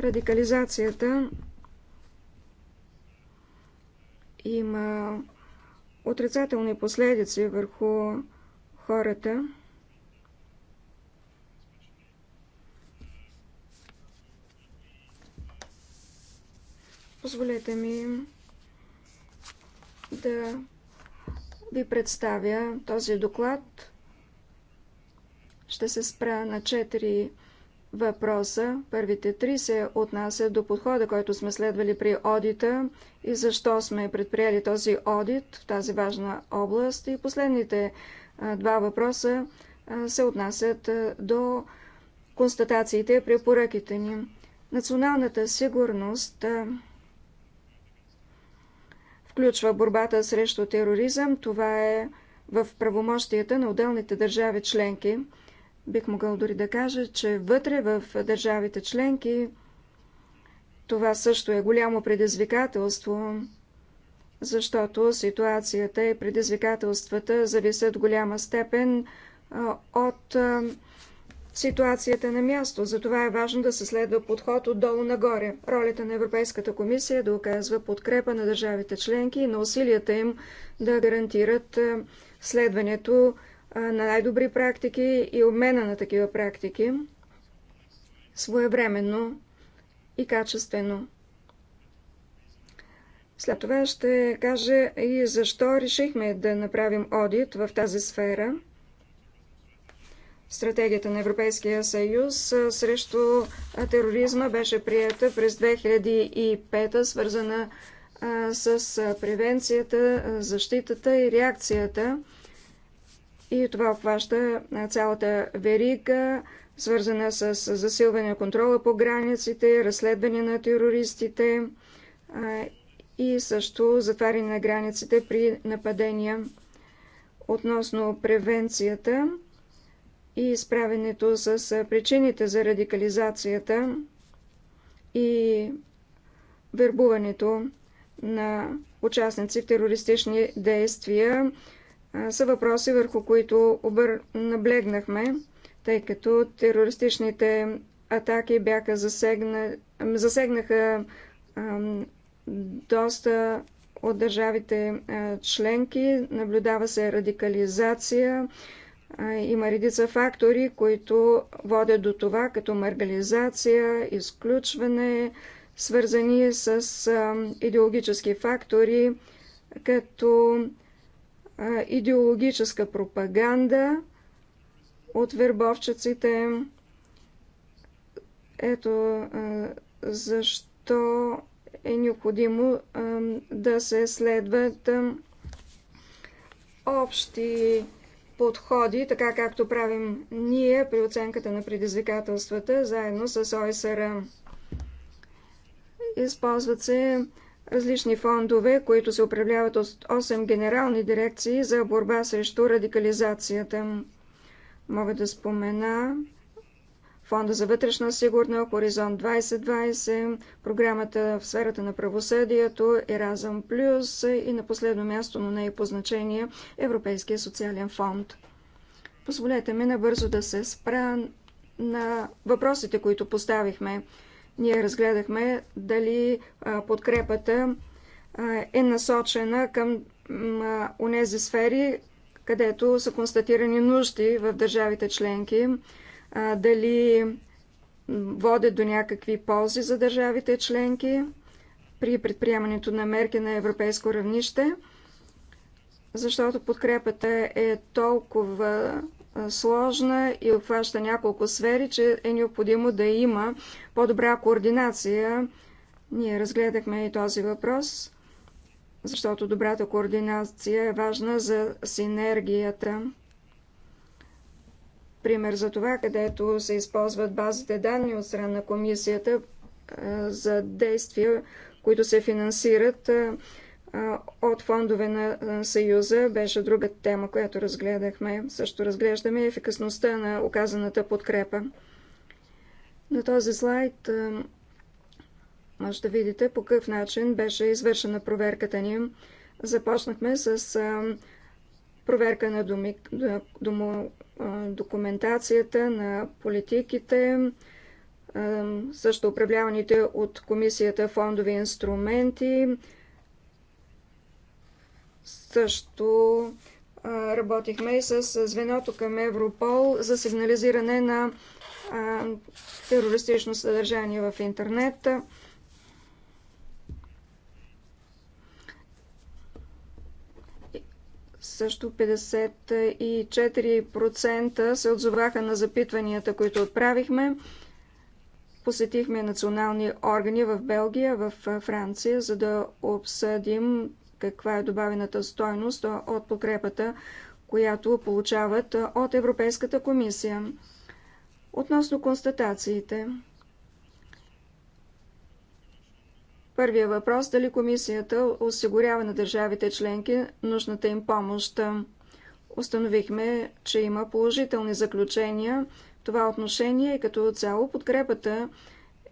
Радикализацията има отрицателни последици върху хората. Позволете ми да ви представя този доклад. Ще се спра на четири 4 въпроса. Първите три се отнасят до подхода, който сме следвали при одита и защо сме предприели този одит в тази важна област. И последните два въпроса се отнасят до констатациите и препоръките ни. Националната сигурност включва борбата срещу тероризъм. Това е в правомощията на отделните държави членки. Бих могъл дори да кажа, че вътре в държавите членки това също е голямо предизвикателство, защото ситуацията и предизвикателствата зависят в голяма степен от ситуацията на място. Затова е важно да се следва подход отдолу нагоре. Ролята на Европейската комисия е да оказва подкрепа на държавите членки и на усилията им да гарантират следването на най-добри практики и обмена на такива практики своевременно и качествено. След това ще кажа и защо решихме да направим одит в тази сфера. Стратегията на Европейския съюз срещу тероризма беше прията през 2005, свързана с превенцията, защитата и реакцията и това обхваща цялата верига, свързана с засилване на контрола по границите, разследване на терористите и също затваряне на границите при нападения относно превенцията и справенето с причините за радикализацията и вербуването на участници в терористични действия са въпроси, върху които обър... наблегнахме, тъй като терористичните атаки бяха засегна... Ами засегнаха ам, доста от държавите а, членки. Наблюдава се радикализация. А, има редица фактори, които водят до това, като маргализация, изключване, свързани с а, идеологически фактори, като идеологическа пропаганда от вербовчиците. Ето защо е необходимо да се следват общи подходи, така както правим ние при оценката на предизвикателствата, заедно с ОСР. Използват се различни фондове, които се управляват от 8 генерални дирекции за борба срещу радикализацията. Мога да спомена Фонда за вътрешна сигурна, Хоризонт 2020, програмата в сферата на правосъдието, Еразъм Плюс и на последно място, но не и по значение, Европейския социален фонд. Позволете ми набързо да се спра на въпросите, които поставихме. Ние разгледахме дали подкрепата е насочена към онези сфери, където са констатирани нужди в държавите членки, дали водят до някакви ползи за държавите членки при предприемането на мерки на европейско равнище, защото подкрепата е толкова сложна и обхваща няколко сфери, че е необходимо да има по-добра координация. Ние разгледахме и този въпрос, защото добрата координация е важна за синергията. Пример за това, където се използват базите данни от страна на комисията за действия, които се финансират от фондове на Съюза беше друга тема, която разгледахме. Също разглеждаме ефикасността на оказаната подкрепа. На този слайд може да видите по какъв начин беше извършена проверката ни. Започнахме с проверка на доми, домо, документацията, на политиките, също управляваните от комисията фондови инструменти, също работихме и с звеното към Европол за сигнализиране на терористично съдържание в интернет. Също 54% се отзоваха на запитванията, които отправихме. Посетихме национални органи в Белгия, в Франция, за да обсъдим каква е добавената стойност от покрепата, която получават от Европейската комисия. Относно констатациите. Първия въпрос – дали комисията осигурява на държавите членки нужната им помощ. Установихме, че има положителни заключения в това отношение и е като цяло подкрепата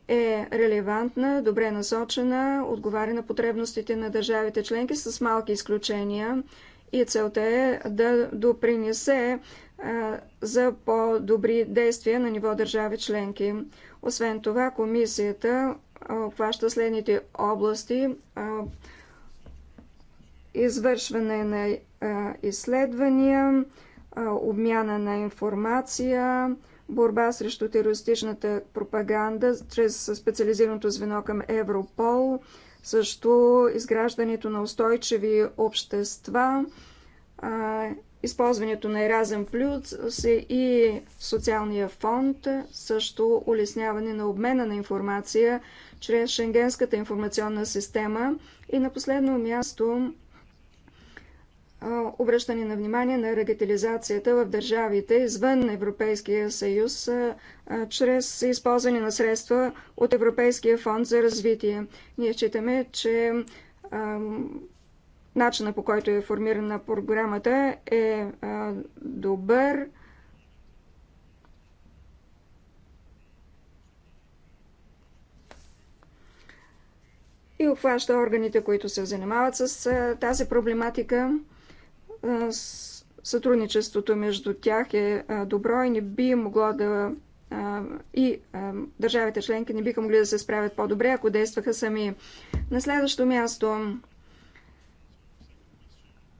е релевантна, добре насочена, отговаря на потребностите на държавите членки с малки изключения и целта е да допринесе за по-добри действия на ниво държави членки. Освен това, комисията обхваща следните области извършване на изследвания, обмяна на информация, борба срещу терористичната пропаганда чрез специализираното звено към Европол, също изграждането на устойчиви общества, използването на Еразен Плюс и социалния фонд, също улесняване на обмена на информация чрез Шенгенската информационна система и на последно място обръщане на внимание на регатализацията в държавите извън Европейския съюз чрез използване на средства от Европейския фонд за развитие. Ние считаме, че начина по който е формирана програмата е добър. и обхваща органите, които се занимават с тази проблематика сътрудничеството между тях е добро и не би могло да и държавите членки не биха могли да се справят по-добре, ако действаха сами. На следващо място,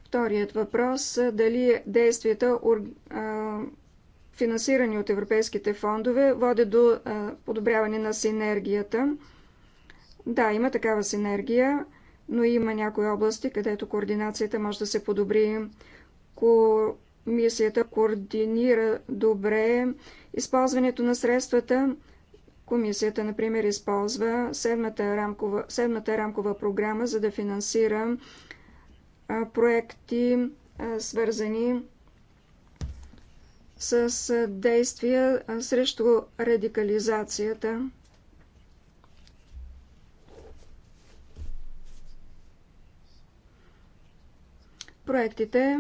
вторият въпрос – дали действията, финансирани от европейските фондове, водят до подобряване на синергията. Да, има такава синергия но има някои области, където координацията може да се подобри. Комисията координира добре използването на средствата. Комисията, например, използва седмата рамкова, седмата рамкова програма, за да финансира а, проекти, а, свързани с действия срещу радикализацията. Проектите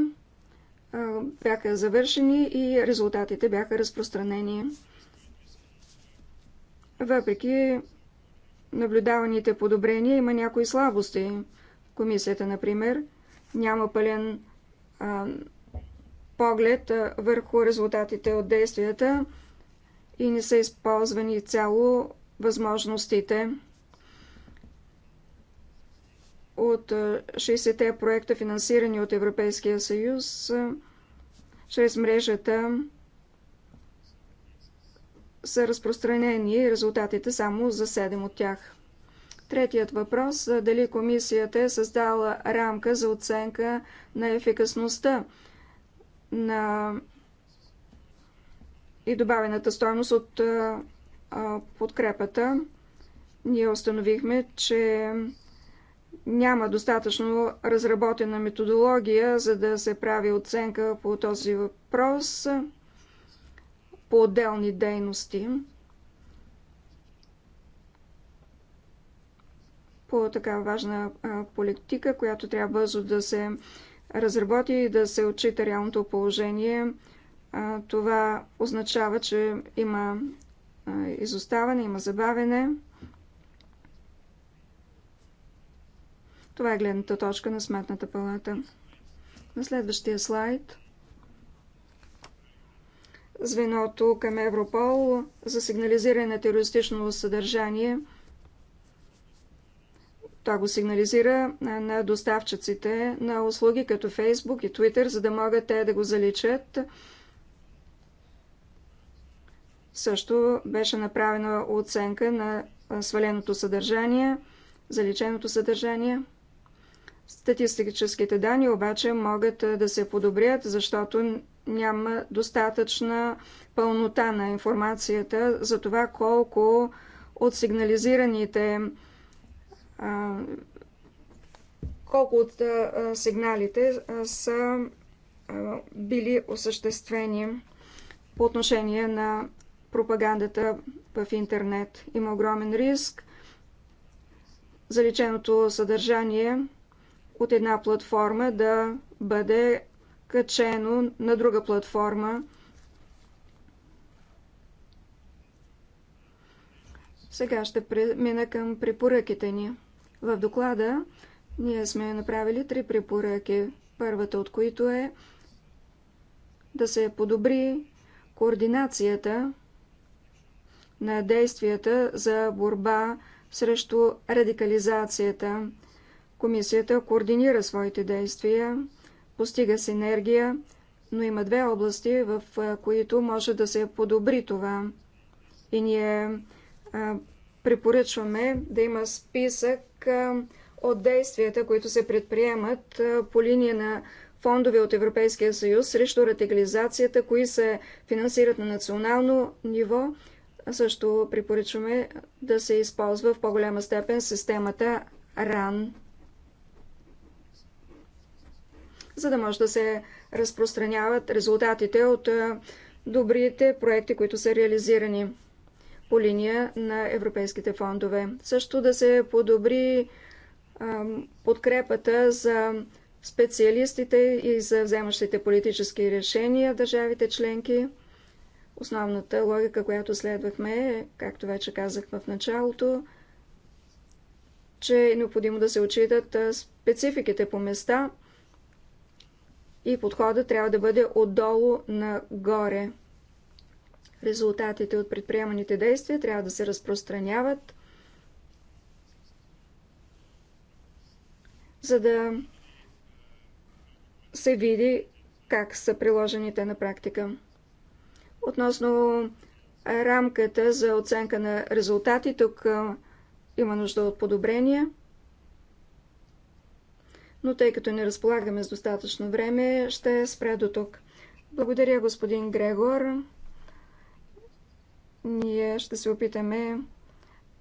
бяха завършени и резултатите бяха разпространени. Въпреки наблюдаваните подобрения има някои слабости. Комисията, например, няма пълен а, поглед а, върху резултатите от действията и не са използвани цяло възможностите от 60-те проекта, финансирани от Европейския съюз, чрез мрежата са разпространени резултатите само за 7 от тях. Третият въпрос – дали комисията е създала рамка за оценка на ефикасността на и добавената стойност от подкрепата. Ние установихме, че няма достатъчно разработена методология, за да се прави оценка по този въпрос по отделни дейности. По такава важна политика, която трябва бързо да се разработи и да се отчита реалното положение, това означава, че има изоставане, има забавене. Това е гледната точка на Сметната палата. На следващия слайд звеното към Европол за сигнализиране на терористично съдържание. Това го сигнализира на доставчиците на услуги като Фейсбук и Twitter, за да могат те да го заличат. Също беше направена оценка на сваленото съдържание, заличеното съдържание – Статистическите данни обаче могат да се подобрят, защото няма достатъчна пълнота на информацията за това колко от сигнализираните колко от сигналите са били осъществени по отношение на пропагандата в интернет. Има огромен риск заличеното съдържание от една платформа да бъде качено на друга платформа. Сега ще премина към препоръките ни. В доклада ние сме направили три препоръки, първата от които е да се подобри координацията на действията за борба срещу радикализацията Комисията координира своите действия, постига синергия, но има две области, в които може да се подобри това. И ние а, препоръчваме да има списък а, от действията, които се предприемат а, по линия на фондове от Европейския съюз срещу радикализацията, кои се финансират на национално ниво. Също препоръчваме да се използва в по-голяма степен системата РАН. за да може да се разпространяват резултатите от добрите проекти, които са реализирани по линия на европейските фондове. Също да се подобри подкрепата за специалистите и за вземащите политически решения в държавите членки. Основната логика, която следвахме е, както вече казах в началото, че е необходимо да се отчитат спецификите по места – и подхода трябва да бъде отдолу нагоре. Резултатите от предприеманите действия трябва да се разпространяват, за да се види как са приложените на практика. Относно рамката за оценка на резултати, тук има нужда от подобрения но тъй като не разполагаме с достатъчно време, ще спре до тук. Благодаря, господин Грегор. Ние ще се опитаме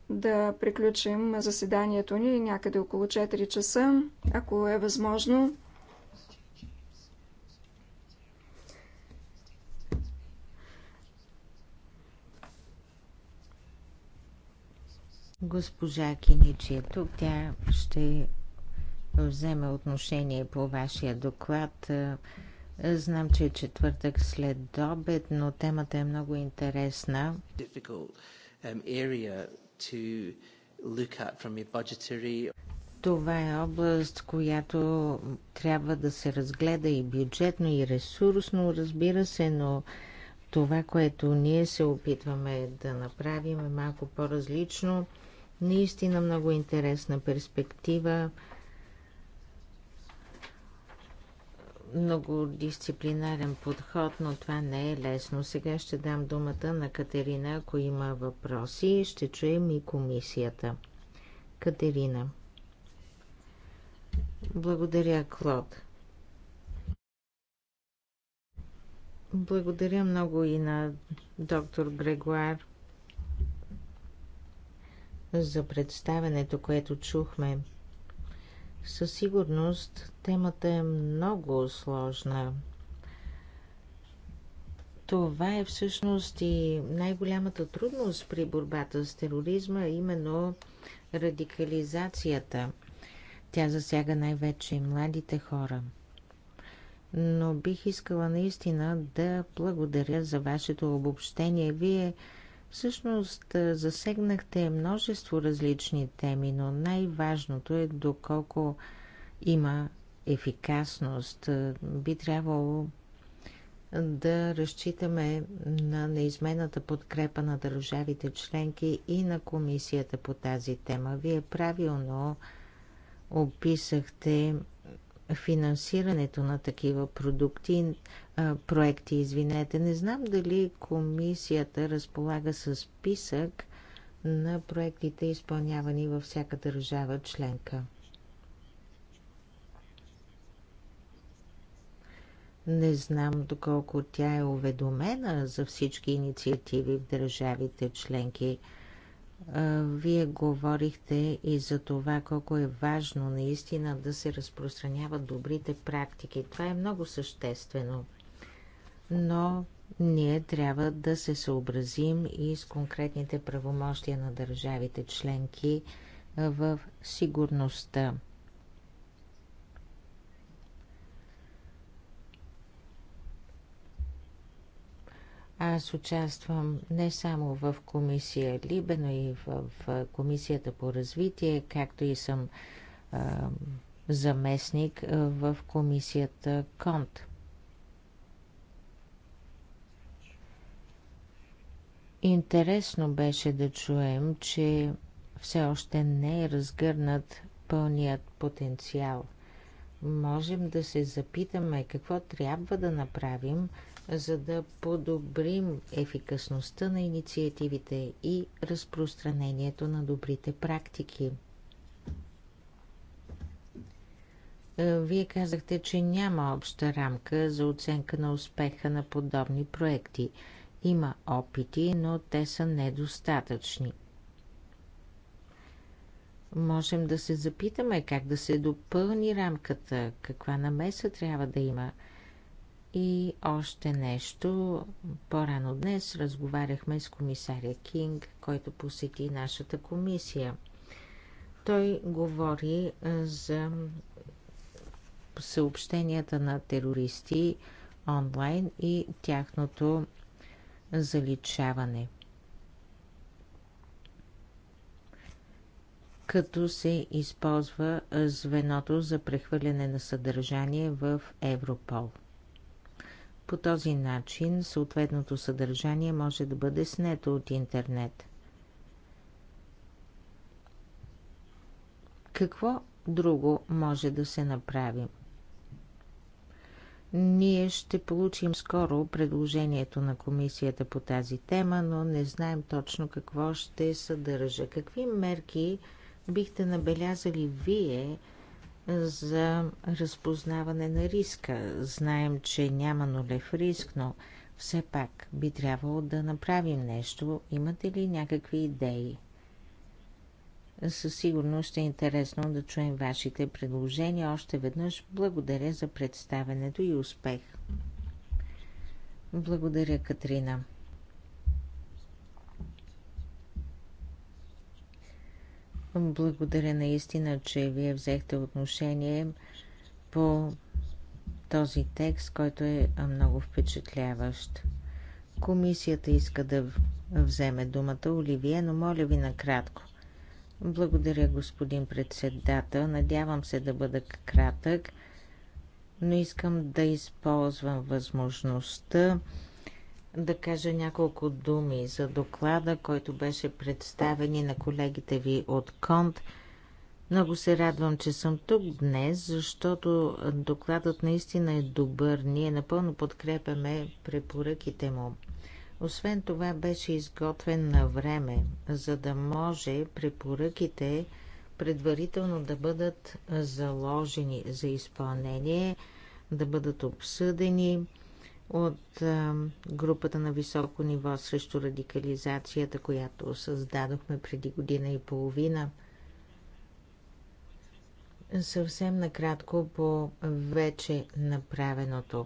да приключим заседанието ни някъде около 4 часа, ако е възможно. Госпожа Киничи е тук. Тя ще взема отношение по вашия доклад. Е, знам, че е четвъртък след обед, но темата е много интересна. Um, това е област, която трябва да се разгледа и бюджетно, и ресурсно, разбира се, но това, което ние се опитваме да направим е малко по-различно. Наистина много интересна перспектива. многодисциплинарен подход, но това не е лесно. Сега ще дам думата на Катерина, ако има въпроси. Ще чуем и комисията. Катерина. Благодаря, Клод. Благодаря много и на доктор Грегуар за представенето, което чухме. Със сигурност темата е много сложна. Това е всъщност и най-голямата трудност при борбата с тероризма, именно радикализацията. Тя засяга най-вече и младите хора. Но бих искала наистина да благодаря за вашето обобщение. Вие Всъщност засегнахте множество различни теми, но най-важното е доколко има ефикасност. Би трябвало да разчитаме на неизменната подкрепа на държавите членки и на комисията по тази тема. Вие правилно описахте финансирането на такива продукти, а, проекти, извинете. Не знам дали комисията разполага с списък на проектите, изпълнявани във всяка държава членка. Не знам доколко тя е уведомена за всички инициативи в държавите членки – вие говорихте и за това колко е важно наистина да се разпространяват добрите практики. Това е много съществено. Но ние трябва да се съобразим и с конкретните правомощия на държавите членки в сигурността. Аз участвам не само в комисия Либе, но и в, в комисията по развитие, както и съм а, заместник в комисията Конт. Интересно беше да чуем, че все още не е разгърнат пълният потенциал. Можем да се запитаме какво трябва да направим – за да подобрим ефикасността на инициативите и разпространението на добрите практики. Е, вие казахте, че няма обща рамка за оценка на успеха на подобни проекти. Има опити, но те са недостатъчни. Можем да се запитаме как да се допълни рамката, каква намеса трябва да има – и още нещо. По-рано днес разговаряхме с комисаря Кинг, който посети нашата комисия. Той говори за съобщенията на терористи онлайн и тяхното заличаване. като се използва звеното за прехвърляне на съдържание в Европол – по този начин съответното съдържание може да бъде снето от интернет. Какво друго може да се направи? Ние ще получим скоро предложението на комисията по тази тема, но не знаем точно какво ще съдържа. Какви мерки бихте набелязали вие – за разпознаване на риска. Знаем, че няма нулев риск, но все пак би трябвало да направим нещо. Имате ли някакви идеи? Със сигурност ще е интересно да чуем вашите предложения. Още веднъж благодаря за представенето и успех. Благодаря, Катрина. Благодаря наистина, че вие взехте отношение по този текст, който е много впечатляващ. Комисията иска да вземе думата Оливия, но моля ви накратко. Благодаря, господин председател. Надявам се да бъда кратък, но искам да използвам възможността да кажа няколко думи за доклада, който беше представен и на колегите ви от КОНТ. Много се радвам, че съм тук днес, защото докладът наистина е добър. Ние напълно подкрепяме препоръките му. Освен това беше изготвен на време, за да може препоръките предварително да бъдат заложени за изпълнение, да бъдат обсъдени от групата на високо ниво срещу радикализацията, която създадохме преди година и половина. Съвсем накратко по вече направеното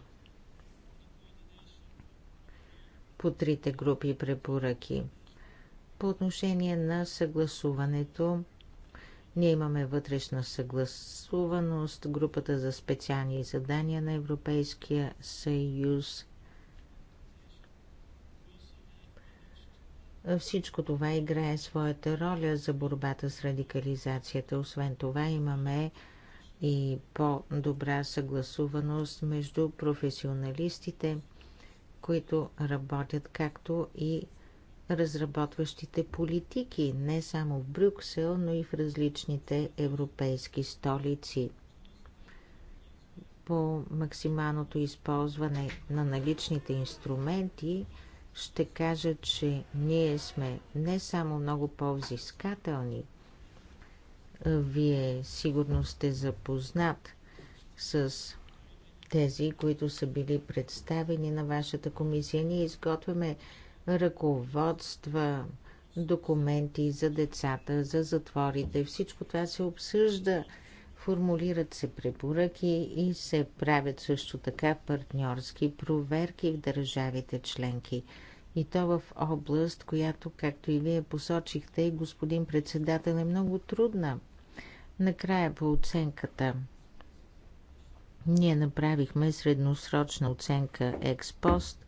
по трите групи препоръки. По отношение на съгласуването, ние имаме вътрешна съгласуваност, групата за специални задания на Европейския съюз. Всичко това играе своята роля за борбата с радикализацията. Освен това имаме и по-добра съгласуваност между професионалистите, които работят както и разработващите политики, не само в Брюксел, но и в различните европейски столици. По максималното използване на наличните инструменти ще кажа, че ние сме не само много по-взискателни, вие сигурно сте запознат с тези, които са били представени на вашата комисия. Ние изготвяме ръководства, документи за децата, за затворите. Всичко това се обсъжда, формулират се препоръки и се правят също така партньорски проверки в държавите членки. И то в област, която, както и вие посочихте, и господин председател, е много трудна. Накрая по оценката. Ние направихме средносрочна оценка експост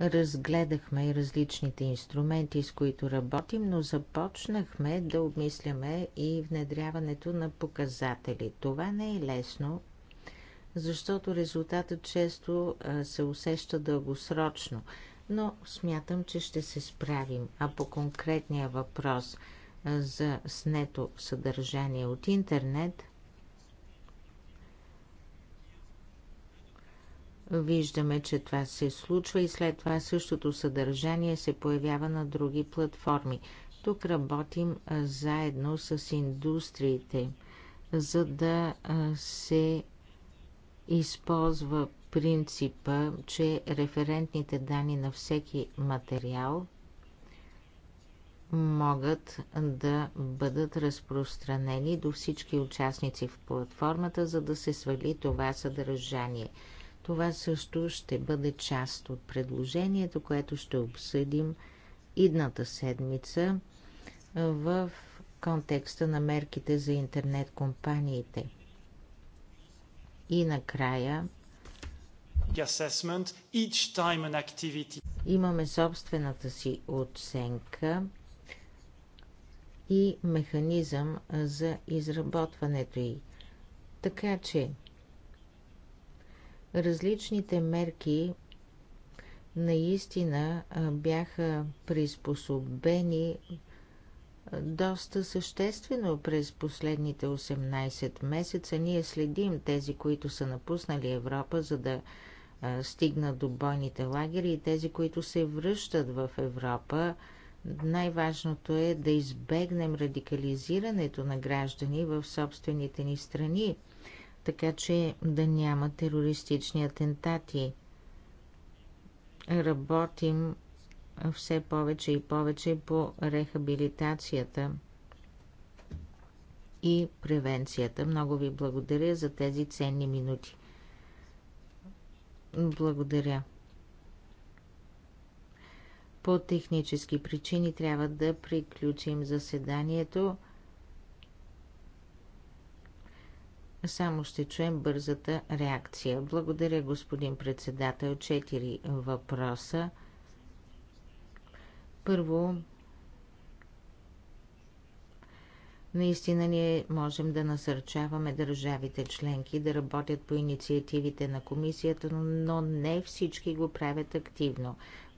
разгледахме различните инструменти, с които работим, но започнахме да обмисляме и внедряването на показатели. Това не е лесно, защото резултатът често се усеща дългосрочно, но смятам, че ще се справим. А по конкретния въпрос за снето съдържание от интернет, Виждаме, че това се случва и след това същото съдържание се появява на други платформи. Тук работим заедно с индустриите, за да се използва принципа, че референтните данни на всеки материал могат да бъдат разпространени до всички участници в платформата, за да се свали това съдържание – това също ще бъде част от предложението, което ще обсъдим идната седмица в контекста на мерките за интернет компаниите. И накрая имаме собствената си оценка и механизъм за изработването й. Така че Различните мерки наистина бяха приспособени доста съществено през последните 18 месеца. Ние следим тези, които са напуснали Европа, за да стигнат до бойните лагери и тези, които се връщат в Европа. Най-важното е да избегнем радикализирането на граждани в собствените ни страни така че да няма терористични атентати. Работим все повече и повече по рехабилитацията и превенцията. Много ви благодаря за тези ценни минути. Благодаря. По технически причини трябва да приключим заседанието. Само ще чуем бързата реакция. Благодаря, господин председател. Четири въпроса. Първо, Наистина ние можем да насърчаваме държавите членки да работят по инициативите на комисията, но не всички го правят активно.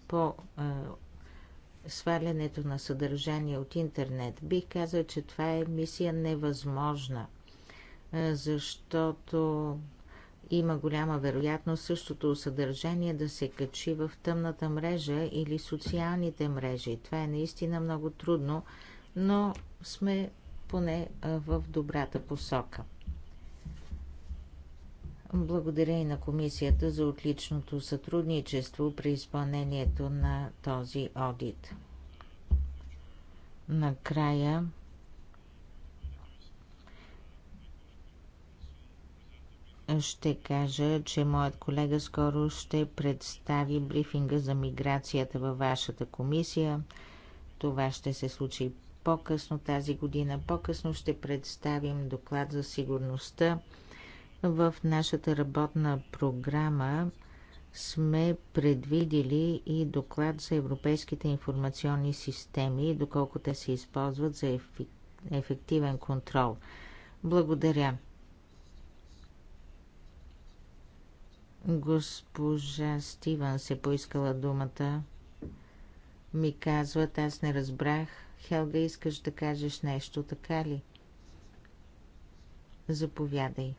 По свалянето на съдържание от интернет бих казал, че това е мисия невъзможна – е, защото има голяма вероятност същото съдържание да се качи в тъмната мрежа или социалните мрежи. Това е наистина много трудно, но сме поне е, в добрата посока. Благодаря и на комисията за отличното сътрудничество при изпълнението на този одит. Накрая ще кажа, че моят колега скоро ще представи брифинга за миграцията във вашата комисия. Това ще се случи по-късно тази година. По-късно ще представим доклад за сигурността. В нашата работна програма сме предвидили и доклад за европейските информационни системи, доколко те се използват за ефективен контрол. Благодаря. Госпожа Стиван се поискала думата. Ми казват, аз не разбрах. Хелга, искаш да кажеш нещо, така ли? Заповядай.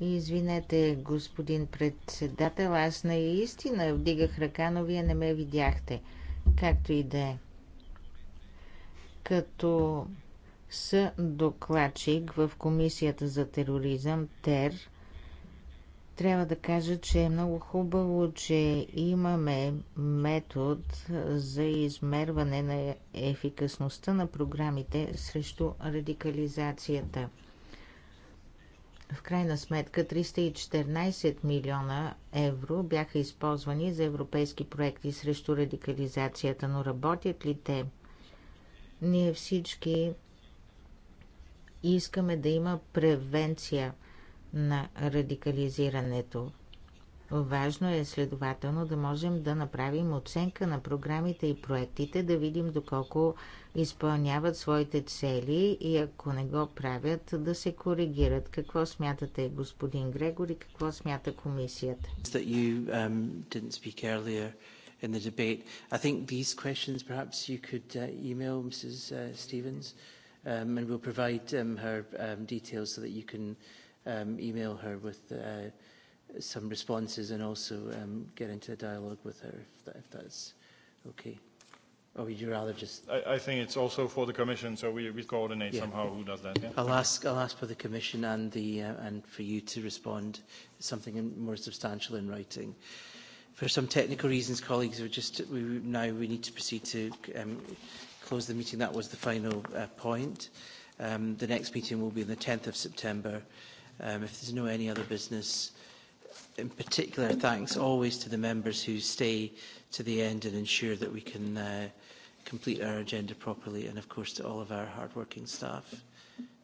Извинете, господин председател, аз наистина вдигах ръка, но вие не ме видяхте. Както и да е. Като с докладчик в Комисията за тероризъм ТЕР. Трябва да кажа, че е много хубаво, че имаме метод за измерване на ефикасността на програмите срещу радикализацията. В крайна сметка 314 милиона евро бяха използвани за европейски проекти срещу радикализацията, но работят ли те? Ние всички искаме да има превенция на радикализирането. Важно е следователно да можем да направим оценка на програмите и проектите, да видим доколко изпълняват своите цели и ако не го правят, да се коригират. Какво смятате, господин Грегори, какво смята комисията? Um, in the debate. I think these questions perhaps you could uh, email Mrs. Uh, Stevens um, and we'll provide um, her um, details so that you can um, email her with uh, some responses and also um, get into a dialogue with her if, that, if that's okay. Or would you rather just? I, I think it's also for the commission, so we, we coordinate yeah. somehow who does that. Yeah? I'll ask I'll ask for the commission and the uh, and for you to respond something more substantial in writing. For some technical reasons, colleagues, we just we now we need to proceed to um, close the meeting. That was the final uh, point. Um, the next meeting will be on the 10th of September. Um, if there's no any other business, in particular, thanks always to the members who stay to the end and ensure that we can uh, complete our agenda properly, and of course to all of our hard-working staff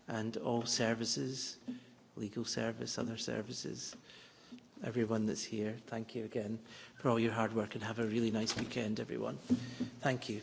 and all services, legal service, other services, everyone that's here. Thank you again for all your hard work and have a really nice weekend, everyone. Thank you.